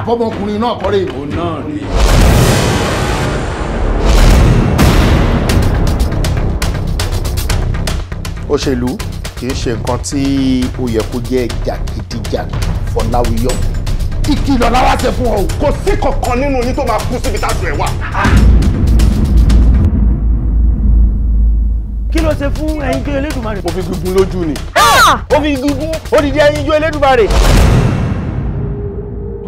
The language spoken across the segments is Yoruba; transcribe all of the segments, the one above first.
àbọ̀mọkùnrin náà kọ́rẹ́ ìbò náà rí. òṣèlú kì í ṣe nǹkan tí ó yẹ kó jẹ́ jàgídíjàgì fọláwíyọ ìkìlọ̀ lára ṣe fún ọ o. kò sí kankan nínú yín tó máa kú síbi táṣù ẹ̀ wà. kí ló ṣe fún ẹyinjú Elédùmarè. mo fi gígùn lójú ni. ó ah! fi gígùn ó dìde ẹyinjú Elédùmarè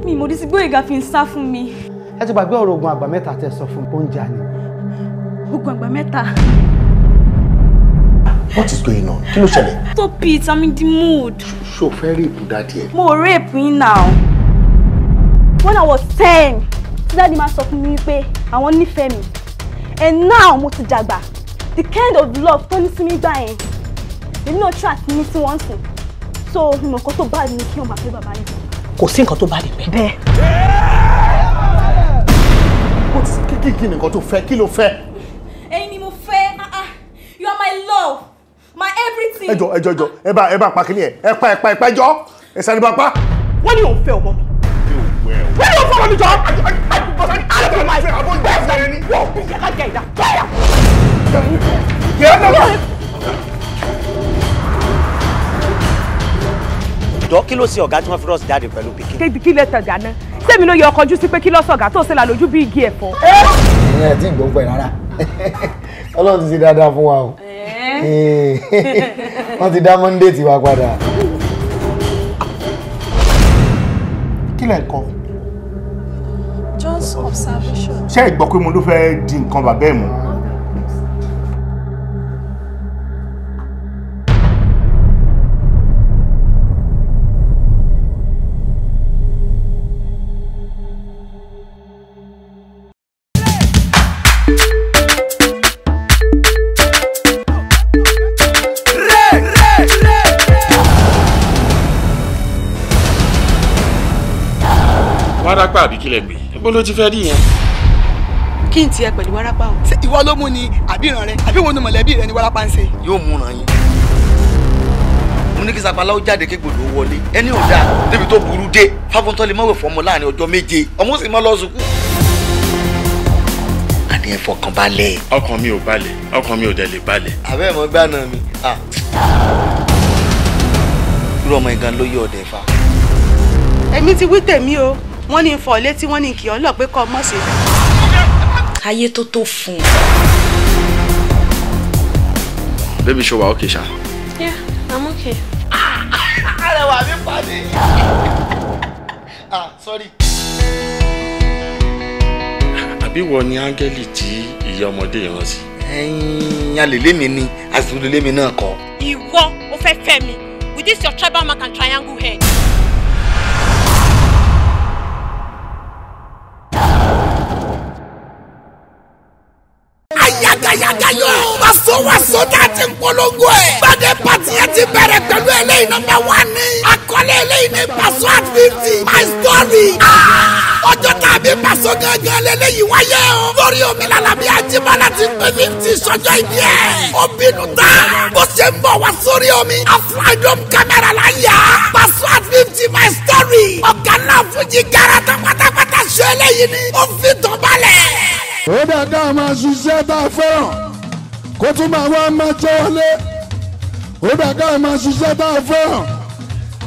mi mo disi gbóyèga fi ń sá mi. ẹ ti gbàgbé ọ̀rọ̀ oògùn àgbà mẹ́ta tẹ sọ fún oúnjẹ ni. oògùn àgbà mẹ́ta. what is going on kí ló ṣẹlẹ̀. stop it i'm in the mood. So, fẹ́ rèébù that here? mo rape, me now. when i was ten tí dáàdì máa sọ fún mi wípé àwọn nífẹ̀ẹ́ mi and now mo ti dàgbà the kind of love tó ní sí mi gbà yẹn èmi náà try àti ní sí wọn sùn so ìmọ̀kan tó bá mi kí wọ́n máa fẹ́ bàbá yìí kò sí nǹkan tó bá lè pẹ́. bẹ́ẹ̀. mo ti kí kí kí tó fẹ́ kí ló fẹ́. ẹyin ni mo fẹ́ you are my love my everything. ẹ jọ ẹ ẹ bá ẹ bá pa kíní ẹ ẹ pa ẹ pa ẹ pa ẹ sani bá pa. wọ́n ní òun fẹ́ ọmọ mi. wọ́n ní òun fẹ́ ọmọ mi jọ. àbọ̀ ìgbà ìfẹ́ ni. wọ́n bí yàrá jẹ ìdá. bẹ́ẹ̀. yẹ́n náà. jọ kí ló ṣe ọ̀gá tí wọ́n fi rọ́ọ̀sì jáde pẹ̀lú pikin. kébi kí lè tàn dáná sẹ́mi ló yẹ ọkọjú sí pé kí lọ́sọ̀gá tó ṣe là lójú bí igi ẹ̀fọ́. ìyẹn ẹ̀ tí ì gbọ́ngbẹ́ rárá ọlọ́run ti ṣe dáadáa fún wa o wọ́n ti dá monday tiwa padà. kí lẹ̀ ń just observation. ṣé ìgbọ́ pé mo ló fẹ́ di nǹkan bàbá ẹ̀ mọ́. wárápá àbí kílẹ̀ gbé ibo ló ti fẹ́ rí yẹn. kí n tiẹ̀ pẹ̀lú wárápá o. ṣé ìwọ ló mú ni àbí ìran rẹ àbí ìwọ ni mọ̀lẹ́bí rẹ ni wárápá ń ṣe. yóò mú ràn yín mo ní kí sapala ó jáde kí gbòdò wọlé ẹni ò dáa débi tó burú dé fáfúntọ́ lè mọ̀wé fọmọ láàrin ọjọ́ méje ọmọ sì mọ́ lọ sùkú. àní ẹ fọkàn balẹ̀. ọkàn mi ò balẹ̀ ọkàn mi ò dẹ̀ lè balẹ̀. àbẹ́ ẹ̀mọ́ gbàna mi irú ọmọ ìgan ló yí ọ̀dẹ̀ fa. èmi ti wí tèmi o wọ́n ní fọ létí wọ́n ní kì ọ́ lọ pé kọ́ mọ̀ ṣe. káyé tó tó fún baby show wà okay ṣá. yeah i'm okay. Ah, arẹwà mi pàdé. ah sorry. àbí wọ ni áńgẹ́lì tí ìyá ọmọdé yẹn rán sí. ẹyin alèlé mi ni àti olèlé mi náà kọ. ìwọ o fẹ́ fẹ́ mi with this your tribal mark and triangle head. tó wà sódà ti ń polongo ẹ̀. gbàdé pàtí yẹn ti bẹ̀rẹ̀ pẹ̀lú eléyìí nọ́mbà wà ní. àkọlé eléyìí ní Paso fifty my story. Ah! ọjọ́ tàbí Paso gángan lélẹ́yìí wáyé o. lórí omi làlàbí àjẹmọ́lá ti pé fifty sọjọ́ ìdí ẹ̀. ó bínú bó ṣe ń bọ̀ wá sórí omi. afraidom kámẹ́rà la yà. Paso fifty my story. ọ̀gá náà fújì gara pátápátá ṣe eléyìí ni. ó fi tó balẹ̀. ó dàda máa ṣiṣẹ́ tá a fẹ́ràn kó tún máa wá máa jẹ́ wọlé ó dà ká máa ṣiṣẹ́ tá a fẹ́ hàn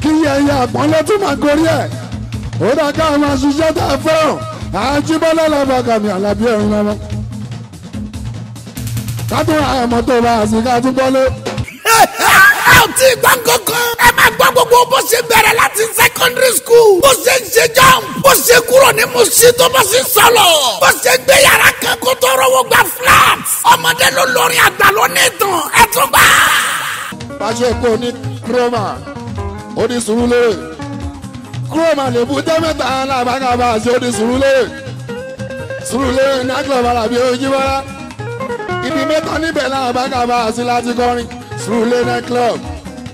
kí ẹyẹ àpọ́nlé tún máa gorí ẹ̀ ó dà ká máa ṣiṣẹ́ tá a fẹ́ hàn àjíbọ́lá làbàkàmì àlàbí ẹ̀rín náà ká tún àmọ́tò bá a sì ká tún bọ́lé. a ò tí ì gbọ́ kankan. ẹ máa gbọ́ gbogbo bó ṣe bẹ̀rẹ̀ láti secondary school. bó ṣe ń ṣe jump. bó ṣe kúrò ní musi tó bó ṣe sọlọ. bó ṣe gbé yàrá kan kó tọrọ wọ gba flat. ọmọdé ló lórin àgbà ló ní ìtàn ẹ tún gbà. pàṣẹ kò ní kúròmà ó ní sùúrù lóore kúròmà lè bu tẹ́mẹ́ta làbákàbà àti ó ní sùúrù lóore ní àgbà bàrà bí ojú bọ́lá ibi mẹ́ta níbẹ̀ làbákàbà àti láti kọrin. Sule Night Club,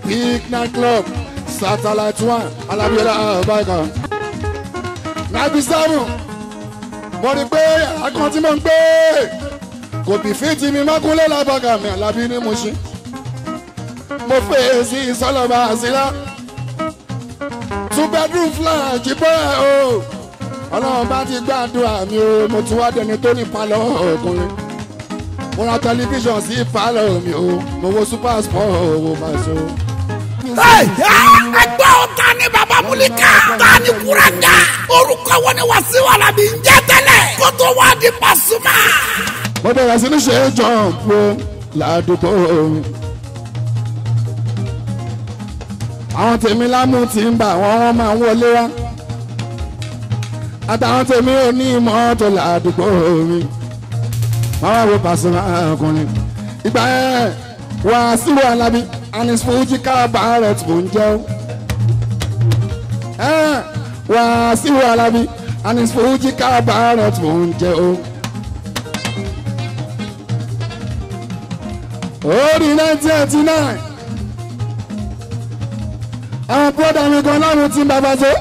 Peak Night Club, Satellite One, Alábíọ́lá Àbákan. Nàbí Sámù, mo rí pé pe, kan tí mo ń gbé. Kò bí fíìtì mi mọ́kúnlé lábàkà mi, Alábí ní mo ṣe. Mo fèé sí ìsọlọ́ba àṣìlá. Two bedroom flat jíbọ́ ẹ̀ o. Ọlọ́run bá ti gbàdúrà mi o, mo ti wá dẹni tó mo ra tẹlifíṣàn sí ìfàlẹ́ mi o mo wo super sport owó máa so. Ah, ẹgbẹ́ ọ̀tá ni bàbá múlíkà tá a ní kúrẹ́jà orúkọ wọn ni Wasiu Alabi ń jẹ́ tẹ́lẹ̀ kó tó wá di Pasuma. mo bẹ̀rẹ̀ sí ní ṣe é jọ̀ǹpù ládùúgbò àwọn tèmi lámú ti ń bá àwọn máa ń wọlé wá àtàwọn tèmi ò ní ìmọ̀ tó ládùúgbò mi máa wo Pasuma ọkùnrin ìgbà ẹ Wàsíù Alábí anis fújì rẹ̀ tó ń jẹ́ o Wàsíù Alábí anis fújì rẹ̀ tó ń jẹ́ orí nineteen eighty nine àwọn bọ́dà mi gan lọ́rùn tí bàbá jẹ́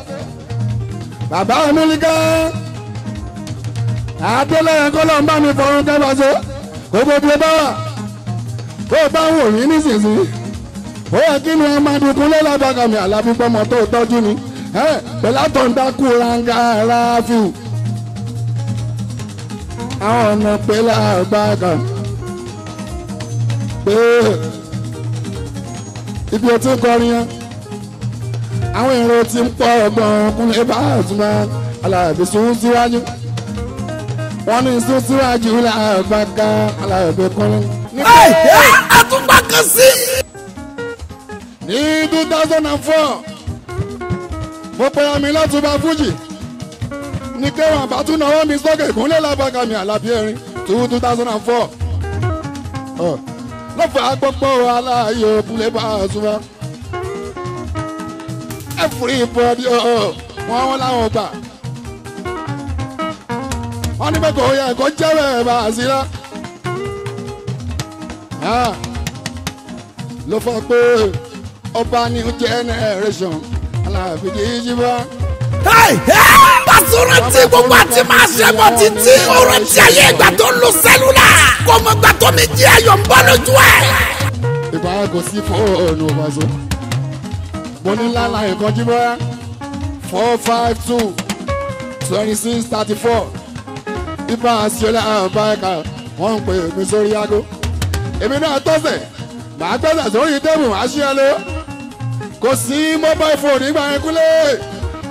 bàbá amúlíkà adélẹ́yìn kọ́lọ́ ń bá mi fọrún kẹfà ṣe gbogbo bí ó bá wà ó bá wò mí nísinsìnyí ó yẹ kí ni ọmọ adigun ló lábàgà mi àlàbí pọ́mọ tó tọ́jú ni pẹ̀lá tó ń dákú ranga ráfíù àwọn ọ̀nà pẹ̀lá àgbàgà pé ibi ò ti kọrin yẹn àwọn èrò ti ń pọ̀ ọgbọ̀n kúnlẹ̀ bá àtúmọ̀ alábìsùn síwájú. Si wọ́n ní sùsúràjù làbàkà làbẹ̀kọ́lẹ̀. ẹ àtúgbà kan sí. ní two thousand and four mo pe omi látúbà fújì ní kéwọn àbátú náwó mi sókè ìkúnlẹ̀ làbàkà mi àlàbí ẹ̀rín two thousand and four. lọ́fà gbọ́gbọ́ aláàyè òkúlẹ̀ bá a súnmọ́. everybody wọ́n wọ́n láwọn gbà wọ́n ní pé kò yẹ kó jẹ́ bẹ́ẹ̀ bá a sí rẹ́. ló fọ pé ọba new generation aláàbí kì í bá. Pàṣẹ tí gbogbo àti máa ṣe bọ̀ títí ọ̀rọ̀ tí ayé ìgbà tó ń lo sẹ́lúlà kò mọ ìgbà tó mi jí ayọ̀ ń bọ́ lójú ẹ̀. Ìgbà kò sí fóònù Paso. Mo ní lálàyé kan jí bọ́ four five two twenty six thirty four ifá àṣìọlá àbáyíká wọ́n ń pè mí sórí aago èmi náà tọ́sẹ̀ màá tọ́sẹ̀ sórí tẹ́bù àṣìọlẹ́ kò sí mobile phone nígbà yẹn kúlẹ̀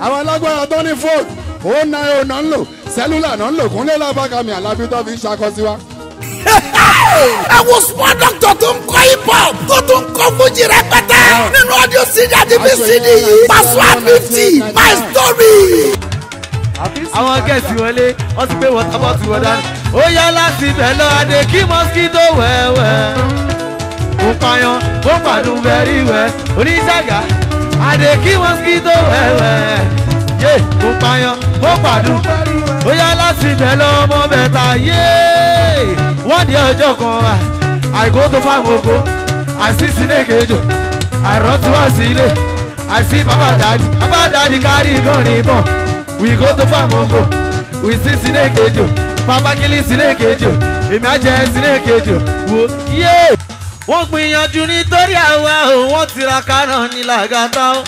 àwọn alágbára tó ní phone ó ná ẹ̀ ò ń lò sẹ́lúlà náà ń lò kúnlẹ̀ lábàkàmì àlábí tó fi ṣàkọsí wa ẹ small doctor tó ń kọ́ ibọ̀ tó tó ń kọ́ fújì rẹpẹtẹ ah. nínú ọdún sídìí àti bí sídìí yìí pàṣẹ fifty my story àwọn gẹ̀ẹ́sì wọlé wọ́n ti gbé wọ́tá bọ́ọ̀tù wọn dání. ó yá láti bẹ̀ lọ adé kí mọ́síkító wẹ́wẹ́. mo pààyàn mo pàdùn bẹ́rí wẹ́ oníṣàgà adé kí mọ́síkító wẹ́wẹ́. yé mo pààyàn mo pàdùn ó yá láti bẹ̀ lọ ọmọ mẹ́ta yé. wọ́n di ọjọ́ kan wa àìkó tó fáwọn oko àìsísí ní kejò àìrọ́tí wá sí ilé àìsí bàbá dáadì bàbá dáadì kárí gan-an ní ìbọn we go to farm go we see snake ejo papa kili snake ejo èmi á jẹ snake ejo wo yé. wọ́n gbìyànjú nítorí àwa o wọ́n tiraka náà ní làgàtà o.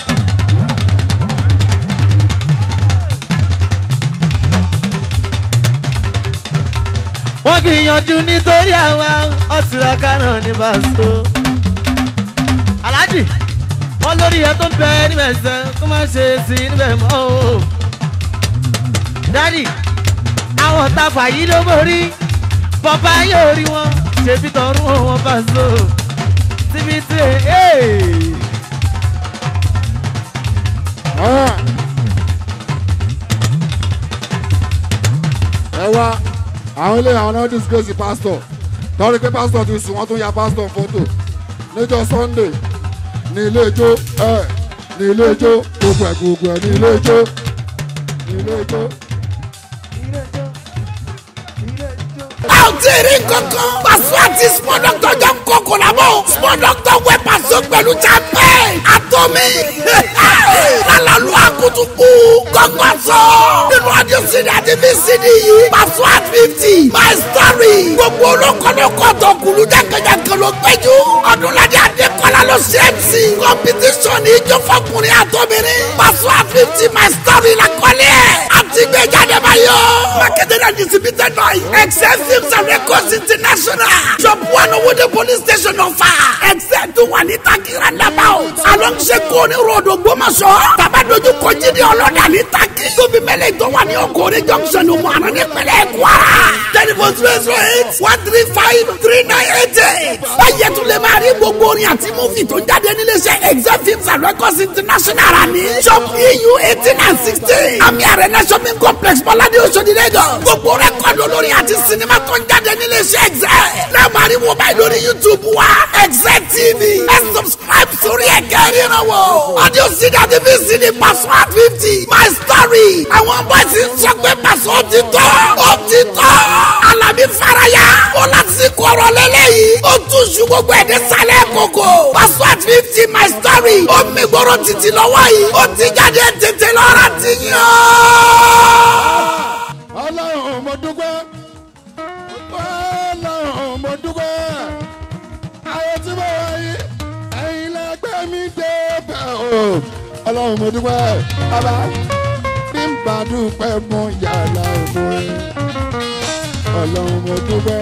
wọ́n gbìyànjú nítorí àwa o tiraka náà ní bàṣọ. aláàjì wọ́n lórí ẹ tó ń bẹ níbẹ̀ sẹ́ kó má ṣe sí níbẹ̀ mọ́ o dádì àwọn tafà yìí ló borí bọ́bá yóò rí wọn ṣèbí tọrún wọn bá so síbi tí ẹ. ẹ wá àwọn ilé àwọn náà disgrace pastor torí pé pastor ti sùn wọ́n tún ya pastor fọ́tò níjọ́ sunday ní ilé ijó ẹ ní ilé ijó gbogbo ẹ gbogbo ẹ ní ilé ijó ní ilé ijó. tí ì rí kankan. pàṣẹ àti small doctor jọ ń kó kòlábọ̀. small doctor wẹ pàṣẹ pẹ̀lú champagne. àtọ́mí. lálàlú akutuku. gbọ̀ngàn sọ. nínú àdìsíni àti bísíni yìí. pàṣẹ at fifty. my story. gbogbo olókòlókò tó kulu jákèjádò ló gbẹjú. ọdúnladé adékọlá ló ṣe é sí. competition ìjọ fọkùnrin àtọ́mí ni. pàṣẹ at fifty my story la kọ́lé ẹ̀ ti gbé jáde báyìí o. marketed and distributed by excel films and records international. shop one owode police station ọ̀fà. excel tó wà ní takira labaw. along sekoni road Ògbómọ̀ṣọ́. baba dojú kọjí ní ọlọ́dà ní taki. tóbi mẹ́lẹ̀ tó wà ní ọkọ̀ọ́rẹ́ junction ọmọ àná ní pẹ̀lẹ́ kwara. telephone zero zero eight one three five three nine eight eight. báyẹ̀ tún lè máa rí gbogbo orin àti múfì tó ń jáde níléeṣẹ́ excel and records international ní. shop eu eighteen and sixteen. àmì àrẹ náà shop Islamic complex Bọ́ládé Oṣodi Lagos. Gbogbo rẹ́kọ̀dù olórin àti sinimá tó ń jáde nílé iṣẹ́ Excel. Lẹ́ẹ̀mọ̀ ariwo báyìí lórí YouTube wa. Excel TV. Ẹ subscribe sórí ẹ̀kẹ́ ríran wọ̀. Audio CD àti VC ní Pasuma fifty. My story. Àwọn bọ́ọ̀sì ń sọ pé Paso ó ti tọ́. Ó tọ́. Alábí Faraya. Ó láti kọ̀rọ̀ lélẹ́yìí. Ó tún ṣu gbogbo ẹ̀dẹ́ sálẹ̀ kòkó. Paso fifty my story. Ó mi gbọ́rọ̀ títí lọ́wọ́ yìí. Ó ti jáde tètè lọ́ra ti yàn ọlọ́run mo dúpẹ́ ọlọ́run mo dúpẹ́ àwọn tí mo wá yí ẹ̀yin lẹ́gbẹ́ mi dé bẹ̀ o ọlọ́run mo dúpẹ́ bàbá bí n bá dúpẹ́ mo yàrá òun ọlọ́run mo dúpẹ́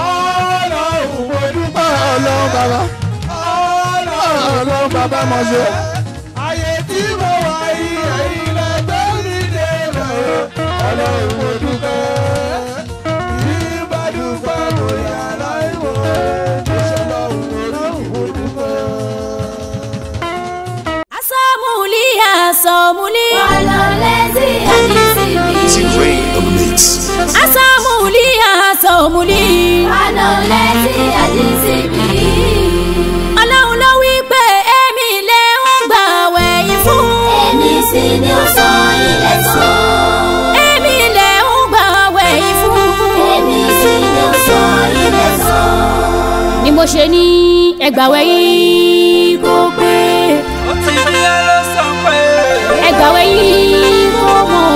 ọlọ́run mo dúpẹ́ ọlọ́run bàbá ọlọ́run bàbá mo ṣe. ọlọ́run mo dúpẹ́. Asamuli, Walolezi, Adisibi, Asamuli, Asamuli, Walolezi, Adisibi. Ọlọ́run ló wí pé èmi lè ń gbàwẹ̀ yìí fún. Èmi sì ni ó sọ. ṣe ní ẹgbàwẹ́ yìí kó pé. ó ti ní ẹ ló sọ pé. ẹgbàwẹ́ yìí kó mọ̀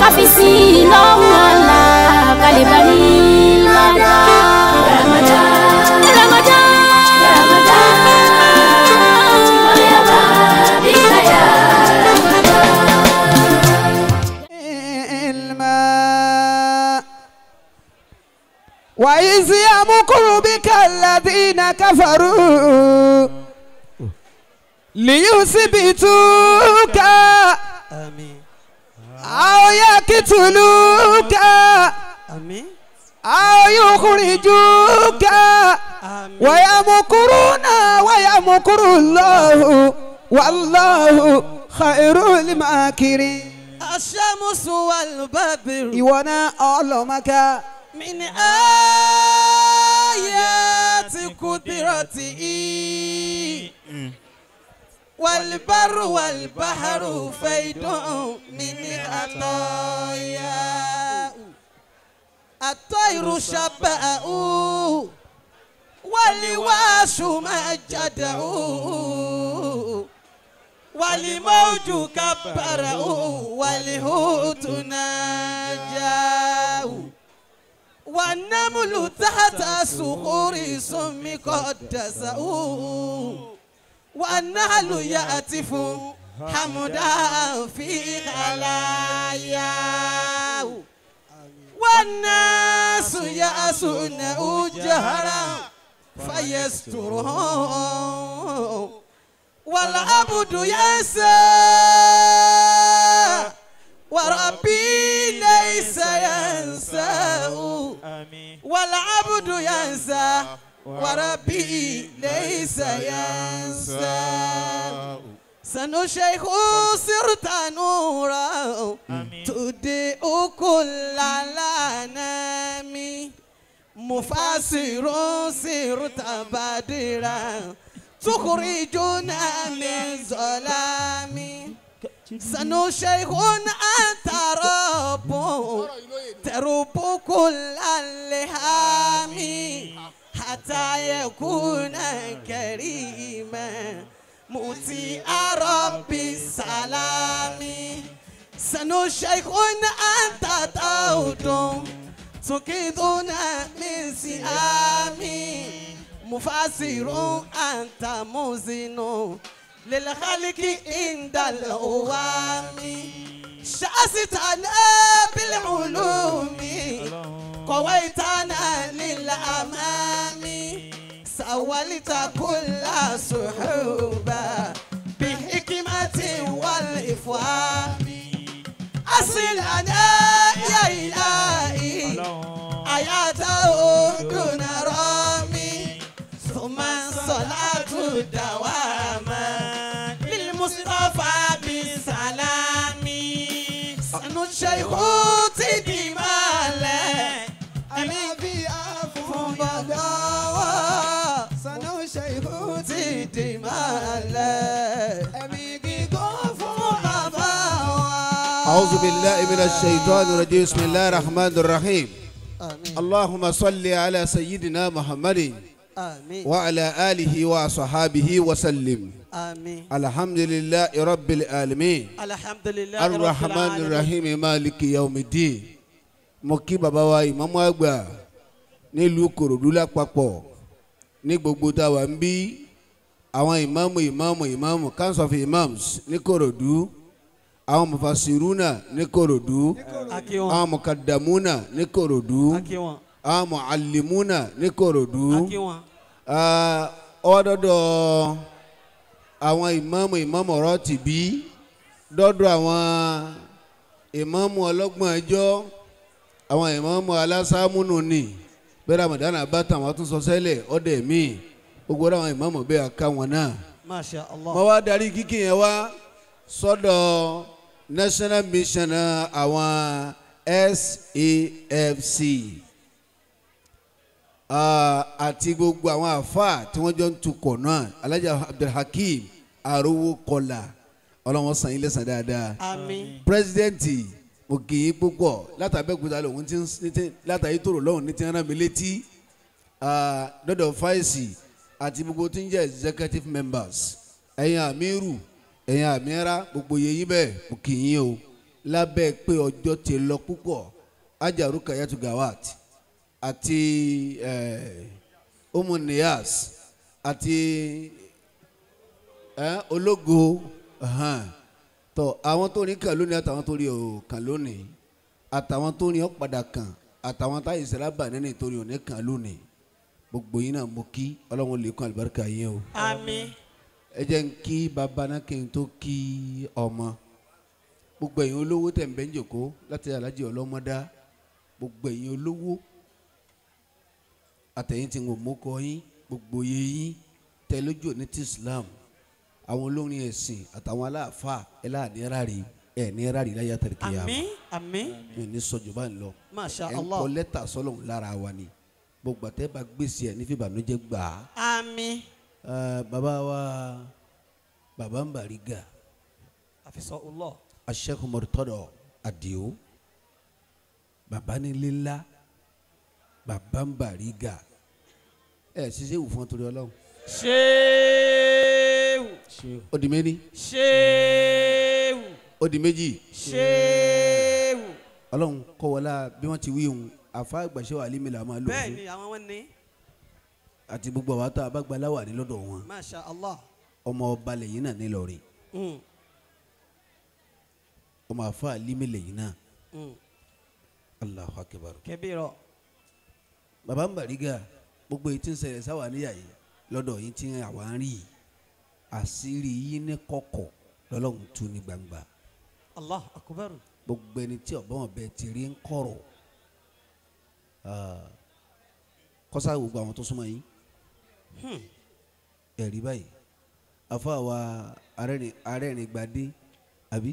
káfíìsì lọ́hùn àlà kálíbà ní ládàá. وإذ يمكر بي الذين كفروا ليثبتوك أو يقتلوك أو يخرجوك ويمكرون ويمكر الله والله خير الماكرين الشمس والبدر ìwọ náà ọlọmọka. mi بطئي والبر والبحر فيض من عطايا الطير شبأه والواس مجده والموج كبره والهوت نجاه والنمل تحت الصخور سم قدسه والنهل يأتف حمدا في خلاياه والناس يأسون جهرا فيسترهم والعبد يسى وربي ليس ينساه والعبد ينسى وربي ليس ينسى سنو شيخ صرت نورا تدئ كل الانام مفسر صرت بدرا تخرجنا من ظلامي سنو شيخ أنت رب تروب كل اللهام حتى يكون كريما مؤتي ربي السلام سنو شيخ أنت تعود تكيدنا من سيامي مفسر أنت مزنو للخلق عند الأوام شأستنا بالعلوم قويتنا للأمام سولت كل صحوبة بحكمة والإفوام أصل أنا يا إلهي آياته دون رامي ثم صلاة الدوام شيخوتي أنا في أفو صنو شيخوتي أعوذ بالله من الشيطان الرجيم بسم الله الرحمن الرحيم آمين. اللهم صل على سيدنا محمد آمين. وعلى آله وصحابه وسلم آمين الحمد لله رب العالمين الحمد لله الرحمن الرحيم مالك يوم الدين mo kí bàbá wa ìmáàmù àgbà nílùú Ìkòròdú lápapọ̀ ní gbogbo tá a wà ń bí àwọn ìmáàmù ìmáàmù ìmáàmù council of imams ní Ìkòròdú àwọn mufasiruna ní Ìkòròdú àwọn mukadamuna ní Ìkòròdú àwọn muallimuna ní Ìkòròdú ah, ọwọ́ dọ́dọ̀ àwọn ìmáàmù ìmáàmù ọ̀rọ̀ ti bí dọ́dọ̀ àwọn ìmáàmù ọlọ́gbọ̀n ẹjọ́ àwọn ìmáàmù alásámúnù ni bẹ́ẹ̀ ramadan abata wọn tún sọ sẹ́lẹ̀ ọ̀dẹ mi gbogbo àwọn ìmáàmù bẹ́ẹ̀ ká wọn náà. Masha Allah. mo wá darí kíkì yẹn wá sọ́dọ̀ national mission àwọn SAFC. Ah, àti gbogbo àwọn àfáà tí wọ́n jọ ń tukọ̀ náà alhaji abdulhakeem arówó kọlà ọlọ́wọ́n san yín lẹ́san dáadáa pírẹsidẹ́ǹtì mo kì púpọ̀ látàbẹ́kúta lòun ti ń tòrò lọ́hùn ní ti rán mi létí ah, dọ́dọ̀ fáìsì àti gbogbo tí ń jẹ́ executive members ẹ̀yin àmírù ẹ̀yin àmírà gbogbo yẹ̀yí bẹ́ẹ̀ mo kì í yín o lábẹ́ pé ọjọ́ ti lọ púpọ̀ ajaru gawat àti umunias àti ológo tó àwọn tó ní kàn lónìí àtàwọn tó rí òkàn lónìí àtàwọn tó ní ọ̀padà kàn àtàwọn táyì sẹ́lábà nínú ìtòrí òní kàn lónìí gbogbo yín náà mo kí ọlọ́run lè kún àlùbáríkà yín o. àmín. ẹ jẹ́ ń kí bàbá náà kí n tó kí ọmọ gbogbo ẹ̀yin olówó tẹ̀ ń bẹ́ ń jòkó láti alájẹ ọlọ́mọdá gbogbo ẹ̀yin olówó àtẹ̀yìn tí ń wò mókọ yín gbogbo yẹ yín tẹ lójú òní ti Islam àwọn olórin ẹ̀sìn àtàwọn aláàfáà ẹ̀ láàánírà rèé ẹ ní rárá ìlà yàtọ̀ kí yà má àmín ní sọjọ ń lọ Masha Allah ẹ ń kọ lẹ́tà sọlọ́hún lára wa ni gbogbo àtẹ bá gbèsè ẹ ní fi bànújẹ́ gbà á. àmín. bàbá wa bàbá ń bàrí ga. àfisọ ọlọ. Sheikh Murtada Adio bàbá nílé ńlá bàbá ń bàrígà ẹ ṣiṣẹ́ wù fún ọ torí ọlọ́run. ṣéèwù. ó di méjì. ṣéèwù. ó di méjì. ṣéèwù. ọlọ́run kọ́ wọlá bí wọ́n ti wí òun àfa àgbàṣẹ́ wà límìlà máa lò ó. bẹ́ẹ̀ àwọn wọn ní àti gbogbo àwọn tó abágbálá wà ní lọ́dọ̀ wọn. Masha Allah. ọmọ ọba lẹ́yìn náà ní lọ́ọ̀rì. Hmm. ọmọ àfa àlímì lẹ́yìn náà. Hmm. Allahu akbar. kẹbí rọ bàbá ń bàrígà gbogbo èyí tí ń ṣẹlẹ̀ sáwà níyà yìí lọ́dọ̀ yìí tí àwa ń rí àṣírí yìí ní kọ̀kọ̀ lọ́lọ́run tú ní gbangba. Allah akubar. gbogbo ẹni tí ọ̀bọ̀n ọ̀bẹ ti rí ń kọ̀rọ̀ kọ́sá gbogbo àwọn tó súnmọ́ yín hmm. ẹ̀rí báyìí afọ àwa arẹ́rìn-gbadé àbí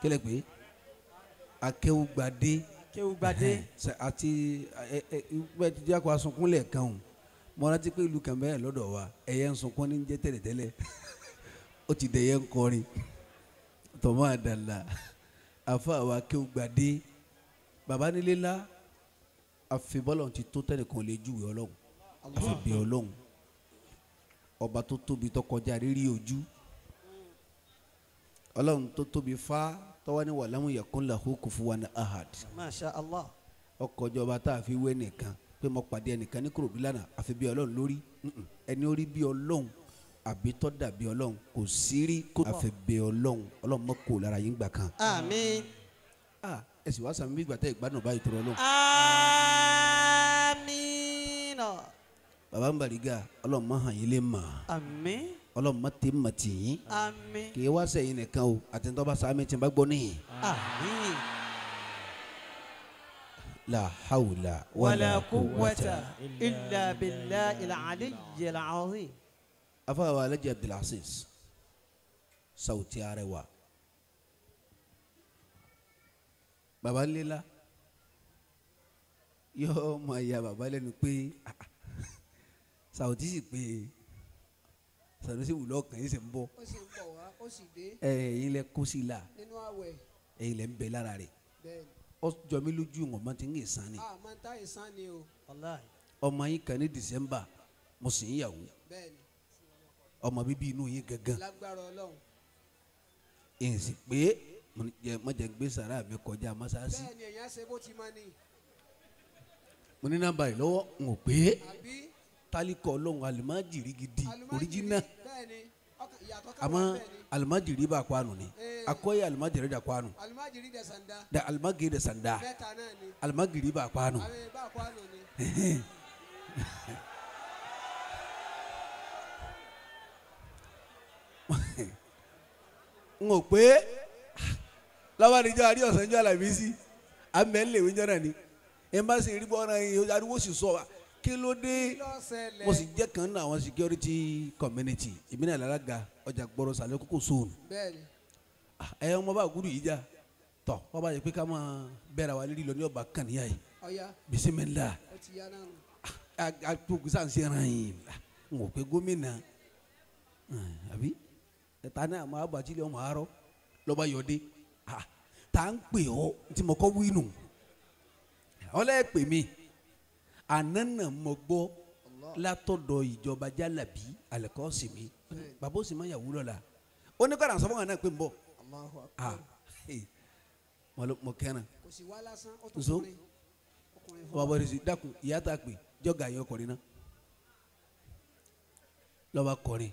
kílẹ̀ pé akéwùgbadé kéwù gbadé. àti ìwé dídí akọ asunkun lẹ́ẹ̀kan o mo rántí pé ìlú kan bẹ́ẹ̀ lọ́dọ̀ wa ẹ̀yẹ ń sunkún ní jẹ́ tẹ́lẹ̀tẹ́lẹ̀ ó ti dẹ̀yẹ ń kọrin tọmọ àdàlà àfa àwa kéwù gbadé baba nílé la àfibọ́lọ̀ ti tó tẹ́nìkan lè júwe ọlọ́run àfibẹ́ ọlọ́run ọba tó tóbi tó kọjá rírí ojú ọlọ́run tó tóbi fáá tọ́wọ́ ní wàlámù yakun lahu kufuwan ahad. masha allah. ọkọ̀ ìjọba tá a fi wé nìkan pé mo pàdé ẹnìkan ní kúròdú lánàá àfi bí ọlọ́run lórí ẹni ó rí bí ọlọ́run àbí tó dà bí ọlọ́run kò sí rí kó àfi bí ọlọ́run ọlọ́run mọ́ kó lára yín gbà kan. àmín. a ah, ẹ sì sàmì bí gbàtẹ́ báyìí tó lọ. àmín. baba ń bàrígà ọlọ́run mọ́ hàn yín lé mọ́. àmín ọlọ́run má ti mà tì yín kì í wá sẹ́yìn nìkan o àti tó bá sàmì tí n bá gbọ́ níyìn. la hawla wala quwwata illa billahi al-aliyyi al-azim. abdulaziz sauti arẹwà baba lela yóò máa ya baba lẹ́nu pé sauti sì pé sanusi wùlọ kàn yín sì ń bọ̀. ó la. nínú àwẹ̀. ẹ̀yin lẹ ń bẹ lára rẹ̀. bẹ́ẹ̀ni. ó jọ mí lójú wọn ni. a ah, máa ń ta ìsan ni o. ọmọ yín kan ní December mo sì ń yàwó. bẹ́ẹ̀ni. ọmọ bíbí inú gangan. lágbára Ọlọ́run. ìyìn sì mi kọjá mọ́sáàsì. bẹ́ẹ̀ni èèyàn ṣe bó ti máa tálíkọ ọlọ́run alimajiri gidi orijina àmọ́ alimajiri bá kwanu ni eh. akọ́yẹ alimajiri da kwanu da alimagiri da sanda alimagiri bá kwanu. n ò pé lábàdìjọ àrí ọ̀sánjọ́ alábísí àmẹ́lẹ̀wé jọ́nà ni ẹ̀ ń bá sì rí bọ́ ọ̀ràn yìí ariwo sì sọ wa kí ló dé mo sì jẹ́ kan nínú àwọn security community èmi náà lálaga ọjà gbọ́rọ̀ sàlẹ̀ kókò sóònù ẹ ọmọ bá gúdù yìí já tọ wọn bá yẹ pé ká máa bẹ́ra wa lílọ ní ọba kàníyà yìí bisimilá àtúgbìsà ń sẹ́ran yìí n ò pé gómìnà àbí ta náà máa bọ̀ àti ilé ọmọ àárọ̀ lọ́ba yọ̀dé ta ń pè ọ́ tí mo kọ́ wí nù ọlẹ́ pè mí ànánà mọ̀ gbọ́ látọ̀dọ̀ ìjọba jálàbí àlẹ́kọ́ sì mi bàbá òsì máa yà wúlọ̀ la ó ní kọ́ra sọ́fún kan náà pé ń bọ̀ ah, mọ̀ kẹ́ran nso bàbá òsì dákun ìyá ta pè jọ́gà yọ ọkùnrin náà lọ́ba kọrin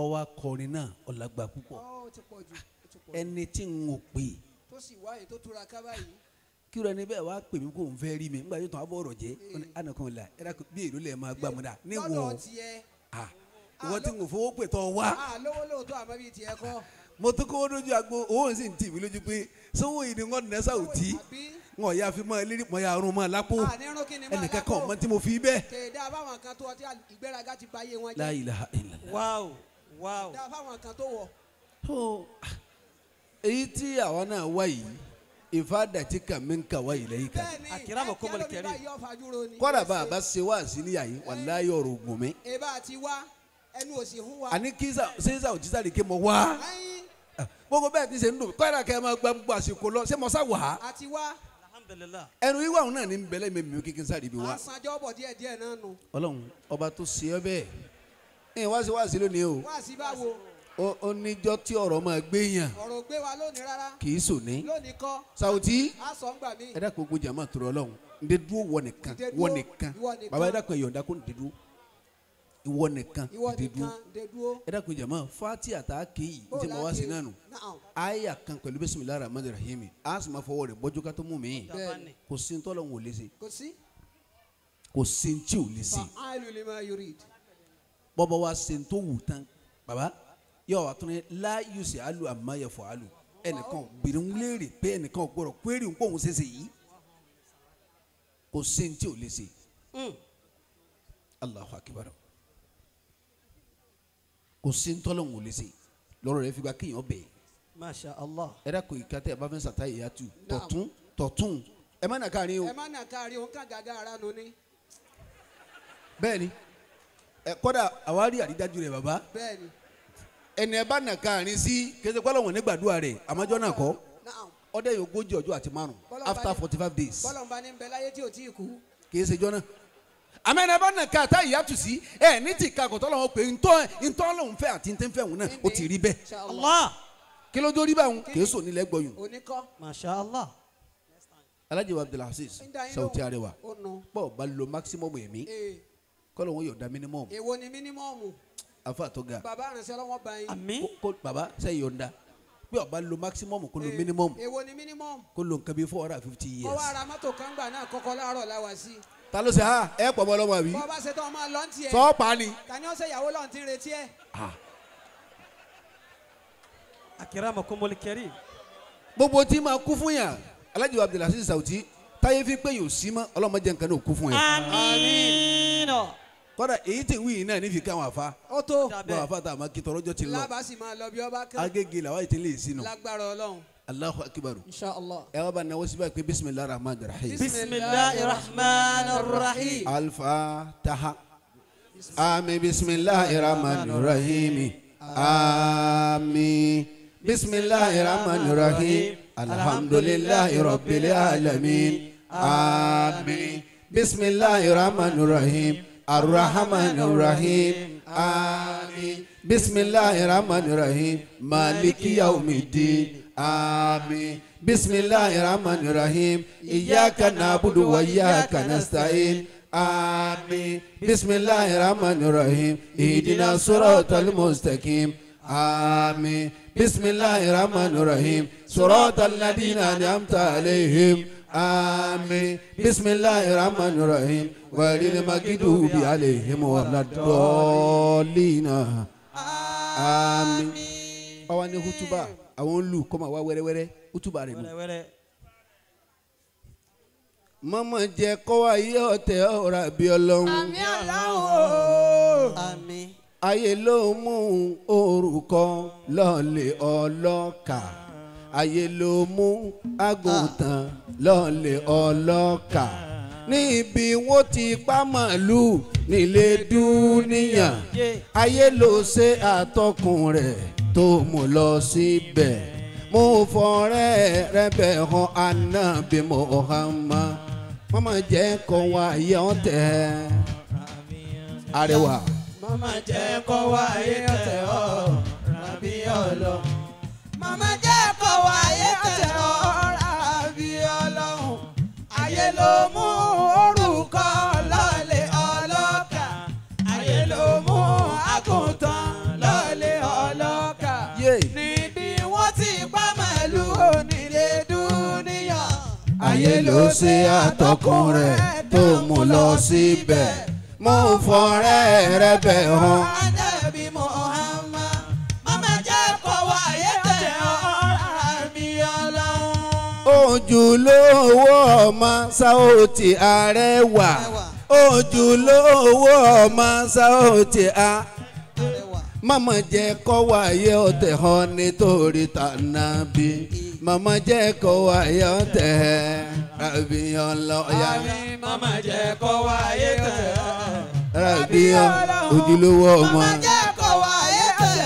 ọwọ́ akọrin náà ọ̀làgbà púpọ̀ ẹni tí n ò pè. tó sì wáyé tó túra ká báyìí kíro ẹni bẹ́ẹ̀ wá pè mí kó n fẹ́ rí mi nígbà yóò tán abọ́ ọ̀rọ̀ jẹ́ anakan la ẹ̀rọ bí èrò lẹ̀ máa gbà mọ́ dà ní wọ́n ìwọ́n tí ah, mo fowó pè tọ́ wá. Ah, lówó lóòótọ́ àmọ́ bíi tiẹ̀ kọ́. mo tún kówó lójú agbo owó sì ń tì mí lójú pé sówó yìí ni wọ́n nà sáwò tí wọn yà fi mọ eléré mọ yà rún mọ lápò ah, ẹnìkan mọ tí mo fi bẹ́ẹ̀. tèdè àbáwọn kan tó ọtí ìgbéraga ti ba iye wọn jẹ. láyé la ìlà la. wáò wáò. àbáwọn kan tó wọ. Oh, èyí tí àwa náà wá yìí ifadatika minka wa ilayka. a kira ma ko malikari. kọ́dà bá a bá ṣe wá àṣìlíyà yìí wàláyé ọ̀rọ̀ ògùn mi. eba àti wá ẹnu òsì hún wa. àní kíza ṣéza ò jísà lè ké mọ wá. gbogbo bẹ́ẹ̀ ti ṣe ń dùn kọ́dà kẹ́ ẹ máa gba gbogbo àsìkò lọ ṣé mo sá wà. àti wá. ẹnu wíwá òun náà ní bẹ́lẹ̀ mi mi kíkín sáré ibi wa. àṣàjọ bọ̀ díẹ̀ díẹ̀ náà nù. ọlọ́run ọba tó ṣe ọ bẹ́ẹ̀ wá sí wá sí lónìí o. wá sí báwo ó níjọ́ tí ọ̀rọ̀ máa gbé yàn. ọ̀rọ̀ gbé wa lónìí rárá. kì í sò ní. lónìí kọ́. Saoty. a sọ ń gbà mí. ẹ dákun gbogbo jàmá tòrọ Ọlọ́run ǹdẹ dúró wọ nìkan wọ nìkan bàbá ẹ dákun ẹyọ ǹdàkùn ǹdẹ dúró ìwọ nìkan ǹdẹ dúró ẹ dákun jàmá fati àtàkì yìí ǹjẹ́ màá wá sí nánu àyà kan pẹ̀lú bisimilahi rahman rahim a sì máa fọwọ́ rẹ̀ bọ́jú kátó mú mi kò sí ntọ́lọ́ wò lé se kò sí ntí ò lé se bọ́bọ́ wa se ntó wù tán bàbá yọ wà tún láàyò sí alu àmàyẹfọ alu ẹnìkan bìrì ń léèrè pé ẹnìkan gbọ́dọ̀ kwérì ń pòun ṣẹṣẹ yìí kò sí ní tí ò lè ṣe hmm. Allahu Akbar kò sí ní tọ́lọ̀ ń lè ṣe lọ́rọ̀ rẹ fipá kéèyàn bẹ̀. masha allah. ẹ dákun ìka tẹ ẹ bá fẹ́ sàtá ìyá tu tọ̀tún tọ̀tún ẹ má nà káàrin o. ẹ má nà káàrin o ń ká gàgà ara ló ní. bẹ́ẹ̀ni ẹ kọ́dà àwárí àrídájú rẹ bàbá. bẹ́ẹ̀ni ẹni ẹ bá nà kàrin sí kété kọ́ lọ́wọ́n nígbàdúrà rẹ̀ àmọ́jọ́ náà kọ́ ọdẹ yóò gójì ọjọ́ àti márùn after forty five days. bọ́lọ̀mùbá ní bẹ láyé tí ò tí ì kú. kì í ṣe jọ́nà àmọ́ ẹni ẹ bá nà ká àtá ìyá tù sí ẹ ní ti ka kọ̀tọ́ lọ́wọ́ pé ntọ́ ntọ́ lòun fẹ́ àti ntẹ́ fẹ́ òun náà ó ti rí bẹ́ẹ̀. Allah kí ló dórí báwọn kì í sọ nílẹ̀ gbọ́yùn. oníkọ́ masha Allah. alájẹwò abdulhasis Sauty Arẹwà bọ́ọ̀ bá lo maximum ẹ̀mí eh. kọ́ lóun yọ̀ọ̀da minimum. èwo ni minimum àfa tó ga. bàbá àrẹ̀sẹ̀ lọ́wọ́ bá yín. àmín. kó bàbá sẹ́yìn yọ̀ǹda pé ọba lo maximum kó lo minimum. èwo ni minimum. kó lo nǹkan four hundred and fifty years. ọwọ́ ara mọ́tò kan gbà náà kọ́kọ́ láàárọ̀ láwa sí ta ló ṣe ha ah, ẹ pọ̀ mọ́ lọ́mọ àbí. bọ́ba ṣe tán ọmọ lọ́ntì ẹ. sọ pa ni. ta ni ó ṣe ìyàwó retí ẹ. àkìrá ah. mọ̀kọ́mọ́lì kẹrí. gbogbo tí máa kú fún yàn Alhaji Abdulaziz Sauti táyé fi pé yóò sí mọ́ ọlọ́mọ jẹ́ nǹkan náà kú fún yàn. àmín kọ́dà èyí tí wí yìí náà nífi ká wọn àfa. ó tó wọn àfa tá a ma kí tọrọ jọ ti lọ. lábàásì máa lọ bí ọba kan. agége làwọn yìí ti lè sinú. lágbára Ọlọ́run. Allahu akibaru. inshallah. ẹ wá bá náwó síbẹ̀ pé bisimilahi rahman rahim. bisimilahi rahman rahim. alfataha. ami bisimilahi rahman rahim. ami bisimilahi rahman rahim. alhamdulilahi rabbil alamin. ami bisimilahi rahman rahim arrahmanir rahim àmín bismillahir rahmanir rahim maliki yawmiddin àmín bismillahir rahmanir rahim iyyaka na'budu wa iyyaka nasta'in. آمين بسم الله الرحمن الرحيم اهدنا صراط المستقيم آمين بسم الله الرحمن الرحيم صراط الذين أنعمت عليهم آمين بسم rahman الرحمن الرحيم غير المغضوب عليهم ولا الضالين آمين àwa ni hutuba àwọn lu kọ́mọ wa wẹ́rẹ́wẹ́rẹ́ hutuba rẹ̀ nù. mọ́mọ́ jẹ kọ́wá yé ọ̀tẹ̀ ọ̀rọ̀ àbí ọlọ́run. àmì ọlọ́run. àmì. ayé ló mú orúkọ lọ́ọ̀lẹ̀ ọlọ́kà ayé ló mú àgùntàn lọ́lẹ̀ ọlọ́kà níbi wọ́n ti pa màlúù nílé dúníyàn ayé ló ṣe àtọkùn rẹ̀ tó mú lọ síbẹ̀ mo fọ̀rẹ́ rẹ bẹ̀ hàn ànábì mama jẹ́ kó wá yẹ ọ́ tẹ̀ arẹwà. mama jẹ́ kó wá yẹ ọ́ tẹ̀ ọ́ rabi ọlọ́run. ayé ló ṣe àtọkùn rẹ̀ tó mú lọ síbẹ̀ mú fọ́rẹ́ rẹ̀ bẹ̀ hàn. Ànábì Muhammad mama jẹ́ kó wá ayé tẹ̀ ọ̀rá mi ọlọ́run. ojúlówó ọmọ Saoti Arẹwà ojúlówó ọmọ Saoti Arẹwà mama jẹ́ kó ọ̀tẹ̀ hàn nítorí t'Ànábì mama jẹ́ kó wáyé tẹ̀ rabi ọlọ́yà. mama jẹ́ kó wáyé tẹ̀ rabi ojúlówó ọmọ. mama jẹ́ kó wáyé tẹ̀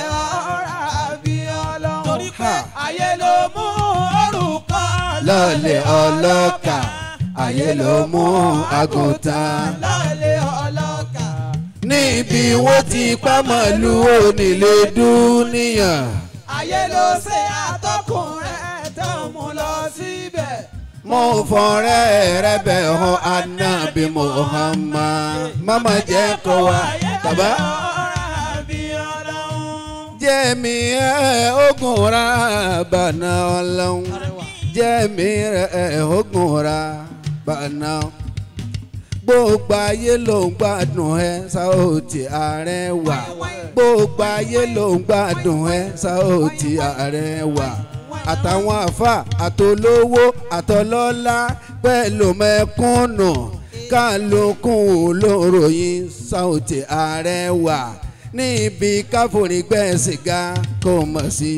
rabi ọlọ́yà. torí pé ayé ló mú orúkọ lọ́lẹ̀ ọlọ́kà ayé ló mú àgùntàn. lọ́lẹ̀ ọlọ́kà. níbi wọ́n ti pa màlúù onílé dúníyàn. ayé ló ṣe àtọ́kùn náà mú lọ síbẹ̀. mo fọ̀rẹ́ rẹ bẹ̀ hàn anabi muhammad mama jẹ́ kọ́ wa bàbá. jẹ́mi ẹ̀ ogun ra bàná ọlọ́run jẹ́mi ẹ̀ ogun ra bàná gbogbo ayé ló ń gbádùn ẹ Saoty Arewa gbogbo ayé ló ń gbádùn ẹ Saoty Arewa àtàwọn àfa àtolówó àtọlọ́lá pẹ̀lú mẹ̀kúnnù kálukún olóròyìn Saoty Arewa níbi káfòrí gbẹ̀sì ga kò mọ̀ sí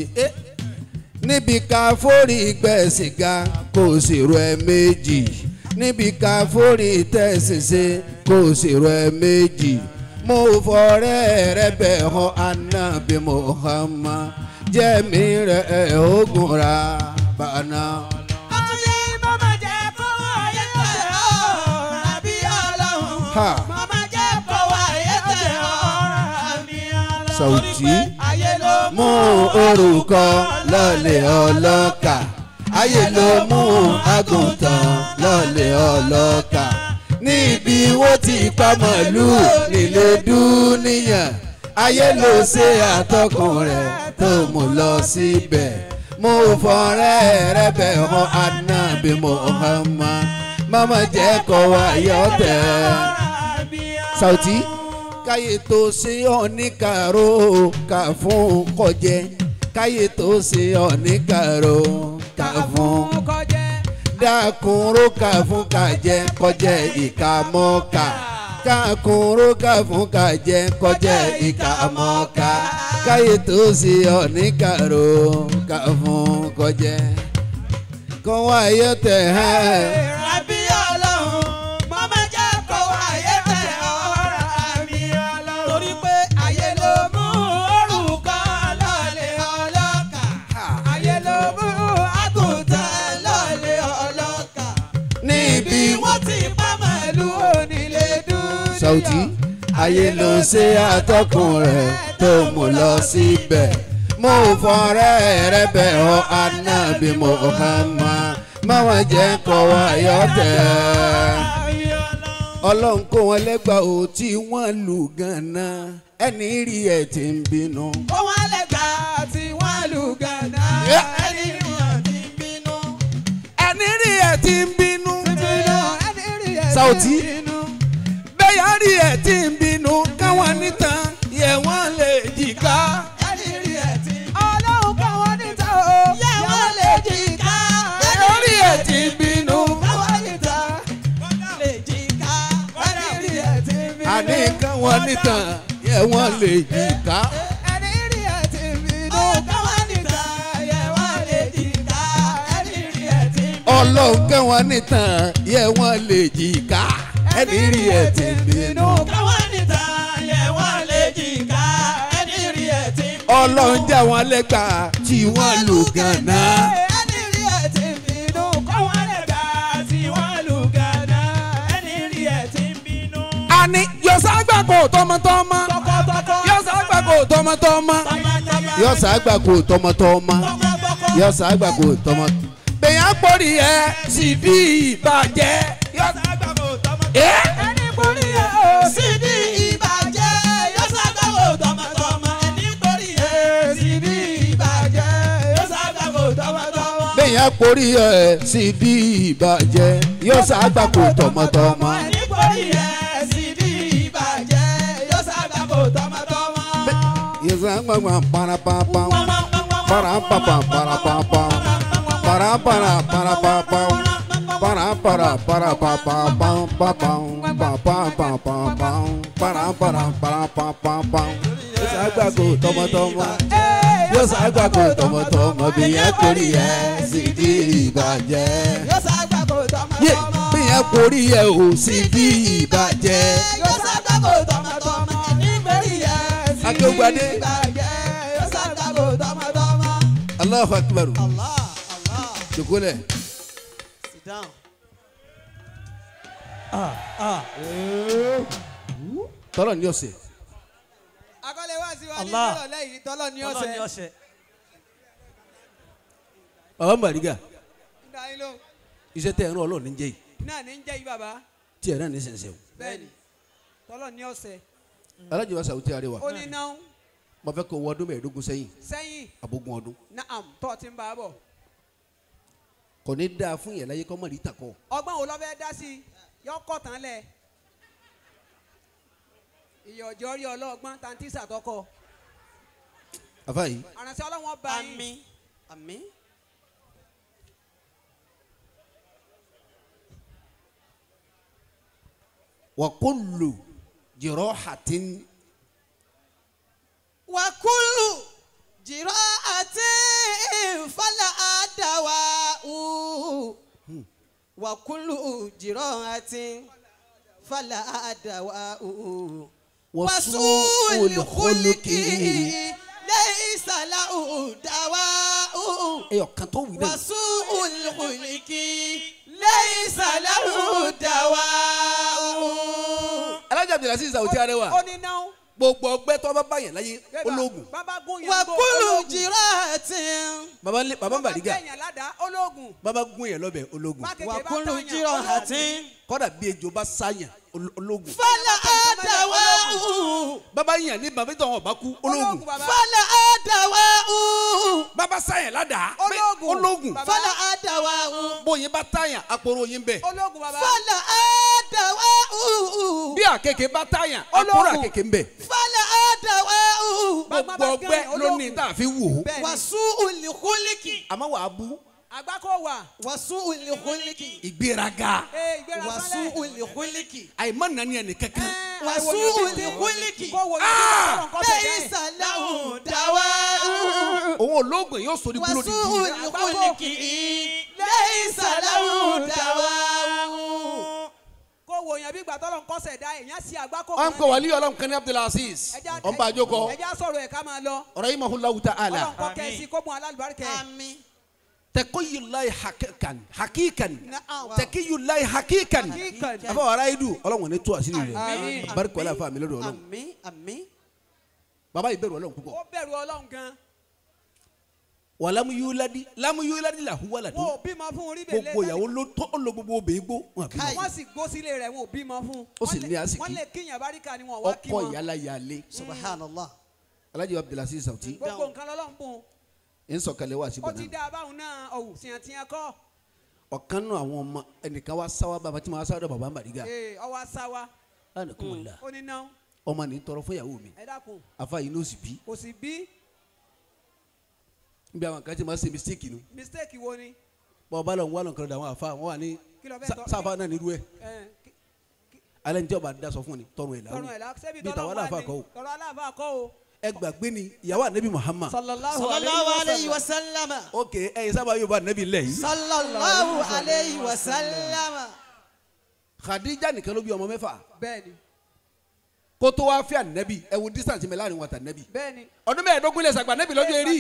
níbi káfòrí gbẹ̀sì ga kò sì rọ ẹ méjì níbi káfòrí tẹ̀síṣe kò sì rọ ẹ méjì mo fọ̀rẹ́ rẹ bẹ̀ hàn Ànábì Muhammad jẹ́mi rẹ̀ ogun ra bàná. ọlẹ́ mọ́mọ́ jẹ́ kó ayé tẹ̀ ọ́ àbí ọlọ́run. mọ́mọ́ jẹ́ kó ayé tẹ̀ ọ́ àbí ọlọ́run. Saoty mú orúkọ lọ́lẹ̀ ọlọ́kà ayé ló mú àgùntàn lọ́lẹ̀ ọlọ́kà níbi wo ti pa màlúù nílé dúníyàn ayé ló ṣe àtọkùn rẹ̀ tó mú lọ síbẹ̀ mo fọ̀rẹ́ rẹ bẹ̀ hàn ànábì Muhammad mama jẹ́ kọ́ wa yọ tẹ̀. Sauti káyé tó ṣe ọ ní kàró kà fún kọjẹ káyé tó ṣe ọ ní kàró kà fún kọjẹ dákunró kà fún kàjẹ kọjẹ ìkàmọ́ka dákunró kà fún kàjẹ kọjẹ ìkàmọ́ka káyé tó ṣe ọ̀ní kàró ká fún kọjẹ kọ́ wá ayé tẹ̀ ẹ́. rabi ọlọ́run mo máa jẹ́ kó wá ayé tẹ̀ ọ̀rọ̀ rabi ọlọ́run torí pé ayé ló mú orúkọ lọ́ọ̀lẹ̀ ọlọ́kà ayé ló mú àgùntàn lọ́ọ̀lẹ̀ ọlọ́kà níbi wọ́n ti pa màálù onílé dúró. Saoty ayé ló ṣe atọ́kùn rẹ̀ tó mú lọ síbẹ̀ mo fọ̀rẹ́ rẹ bẹ̀ ọ́ anábì Muhammad máwọn jẹ́ kọ́ wa yọ tẹ̀. ọlọ́run kó wọn lẹ́gbàá ò tí wọ́n lù gan-an ẹni rí ẹ̀ tí ń bínú. kó wọn lẹ́gbàá tí wọ́n lù gan-an ẹni rí ẹ̀ tí ń bínú. ẹni rí ẹ̀ tí ń bínú. Sauti yáàrí ẹ̀ tí ń bínú káwọn nítàn yẹ wọ́n lè jìká. yáàrí ẹ̀ tí ń bínú ọlọ́run káwọn nítàn o yẹ wọ́n lè jìká. yáàrí ẹ̀ tí ń bínú káwọn nítàn lè jìká. yáàrí ẹ̀ tí ń bínú àní yẹ wọ́n lè jìká. ọlọ́run kẹ́wọ́n nìtàn yẹ wọ́n lè jìká ẹni rí ẹ ti bínú. káwá níta yẹ wọ́n lè jìkà ẹni rí ẹ ti bínú. ọlọ́run jẹ́ wọn lẹ́gbà tí wọ́n lù gánà. ní yọ̀sá gbàgbọ́ tọmọtọmọ yọ̀sá gbàgbọ́ tọmọtọmọ yọ̀sá gbàgbọ́ tọmọtọmọ yọ̀sá gbàgbọ́ tọmọ. bẹ̀yà pọ̀rì ẹ̀ sì bí ìbàjẹ́ yọ̀sá ẹni borí ẹ sí bí ìbàjẹ́ yóò ṣàgbàwò tọmọtọmọ ẹni borí ẹ sí bí ìbàjẹ́ yóò ṣàgbàwò tọmọtọmọ. bẹ́ẹ̀yàn borí ẹ sí bí ìbàjẹ́ yóò ṣàgbàwò tọmọtọmọ ẹni borí ẹ sí bí ìbàjẹ́ para para, para para, para para, para para, para para para para pa pa pa pa pa pa pa pa pa pa para para para pa pa pa. I yóò ṣàgbàgbọ́ tọmọtọmọ yóò ṣàgbàgbọ́ tọmọtọmọ bí yẹn torí ẹ sì di ìbàjẹ́. yóò ṣàgbàgbọ́ tọmọtọmọ bí yẹn torí ẹ ò sì di ìbàjẹ́. yóò ṣàgbàgbọ́ tọmọtọmọ nítorí ẹ sì di ìbàjẹ́. yóò ṣàgbàgbọ́ tọmọtọmọ. Allahu Akbar. Allah Allah. Dukule. Sit down tọ́lọ̀ ní ọ̀sẹ̀. akọ́lẹ̀ wá sí wa ní ìrọ̀lẹ́ yìí tọ́lọ̀ ní ọ̀sẹ̀. bàbá mbàrígà iṣẹ́ tẹ̀ ẹ̀rọ ọlọ́ọ̀ ní jẹ́ yìí. náà ní jẹ́ yìí bàbá. tí ẹ̀rọ ní sẹ̀nsẹ̀ o. bẹ́ẹ̀ni tọ́lọ̀ ní ọ̀sẹ̀. alájọ sàwùtí àríwá. ó ní náà. mo fẹ́ kó wọ ọdún mẹ́ẹ̀ẹ́dógún sẹ́yìn. sẹ́yìn. àbógun ọdún. naam tọ́ ti ń bá a bọ̀. kò ní dáa fún yẹn láyé kọ́ mọ̀ ní ìtàkọ́. ọgbọ́n wo lọ fẹ́ dá sí i yọkọ̀ tán lẹ̀ ìyọ̀jọ́ rí ọlọ́gbọ́n tàǹtí sàtọ́kọ̀. àbá yìí. àrànṣẹ́ ọlọ́wọ́n bá yín. àmín àmín. وكل جراحة وكل جراحة فلا دواء wàkúlù jìrọ̀ àti fàlà àdàwà òòrùn. وسوء الخلق ليس له دواء وسوء الخلق ليس له دواء. alájà abdulaziz àwùjọ arẹwà. ó ní náà gbogbo ọgbẹ́ tó bá báyàn láyé ológun. wàkúlù jìrọ̀ ẹ̀tì. baba ní baba bàdígà baba gún yẹn lọ́bẹ̀ ológun. wàkúlù jìrọ̀ ẹ̀tì. kọ́dà bí ejò bá sáyàn ológun. fálà àdàwà ù. bàbá yàn ní bàbá ìtàn ọba kú ológun. fálà àdàwà ù. bàbá sáyẹn ládàá. ológun ológun. fálà àdàwà ù. bóyá bá táyàn àpòrò yín bẹ. ológun bàbá. fálà àdàwà ù. bí àkekèé bá táyàn àpòrò àkekèé ń bẹ. fálà àdàwà ù. gbogbo ọgbẹ́ lónìí tá a fi wò. wàásù olùkúlìkì. àmọ́ wàá bú agbákòwà. wasu olè kólíkì. ìgbéraga. wasu olè kólíkì. àyèmọ nani ẹni kankan. wasu olè kólíkì. bẹ́ẹ̀ sàlẹ̀ ò dáwà. òun olóògùn yóò sọ ní kúló di. wasu olè kólíkì. bẹ́ẹ̀ sàlẹ̀ ò dáwà. ko wo yan bí gbàtọ́ lọ́n kọ́sẹ̀ dá èèyàn sí agbákòwà. ọ̀n kò wàlíyọ̀ ọlọ́run kan ní abdulaziz. ọ̀n bá a jókòó. ẹja sọ̀rọ̀ ẹ̀ ká máa lọ. ọ̀rọ̀ yìí mahu lawuta ala. ọlọ́run kọ́ kẹ́ sí kó mú alálùbáríkẹ́. àmín takiyulayi hakikan hakikan ah, takiyulayi hakikan a fɔ ara yi du Ọlọ́run ne tó àṣírí rẹ̀ bari kọlá fa mi lọ́dọ̀ Ọlọ́run baba yìí bẹ̀rù Ọlọ́run púpọ̀. ó bẹ̀rù Ọlọ́run gan. wà lámúyúládì lámúyúládì là húwa làdó. wọn ò bímọ fún orí bẹ̀rẹ̀ lẹ́yìn. gbogbo ìyàwó ló tọ́ ó lo gbogbo obìnrin gbó. wọ́n sì gbó sílé rẹ̀ wọn ò bímọ fún. ó sì ní àsìkí. wọ́n lè kíyàn baríka ni wọ́n wá kí wọn. ọkọ ìyálà yà á lé. Mm. subhanallah. alájọ abdulaziz sauti. gbogbo nǹkan lọ́lọ́ nsọ̀kalẹ̀ wá sí bọ̀nà. ó ti dá abáhùn náà ọ̀hún tiẹ̀ tiẹ̀ kọ́. ọ̀kan náà àwọn ọmọ ẹnìkan wá sáwá bàbá tí mo wá sáwá dọ̀ bàbá ee ọwọ́ sawa. láàrín kò la ọmọ ní tọrọ fún ìyàwó mi. ẹ dákun. afa yìí ní òsì bí. òsì bí. n bí àwọn kan ti máa ṣe mistake nu. mistake wo ni. bọ́ọ̀ bá lọ ń wá lọ́nkọ́ da àwọn afa wọn wà ní sáfà náà nílùú ẹ̀ alẹ́ ní tí ọba dasọ fún ni tọrọ ẹ̀ láwù. tọrọ ẹ̀ láwù sẹ́bi tọrọ wà ní tọrọ aláàbà kọ́ o ẹ gbàgbé ni ìyàwó anabi muhammad. sallallahu alayhi wa sallam. ok ẹyin sábà yóò bá anabi lẹ yìí. sallallahu alayhi wa sallam. khadija nìkan ló bí ọmọ mẹ́fà. bẹ́ẹ̀ni. kó tó wá fẹ́ anabi ẹ wo distance mi láàrin wọn àti anabi. bẹ́ẹ̀ni. ọdún mẹ́ẹ̀ẹ́dógún lè sàgbà anabi lọ́jọ́ eré.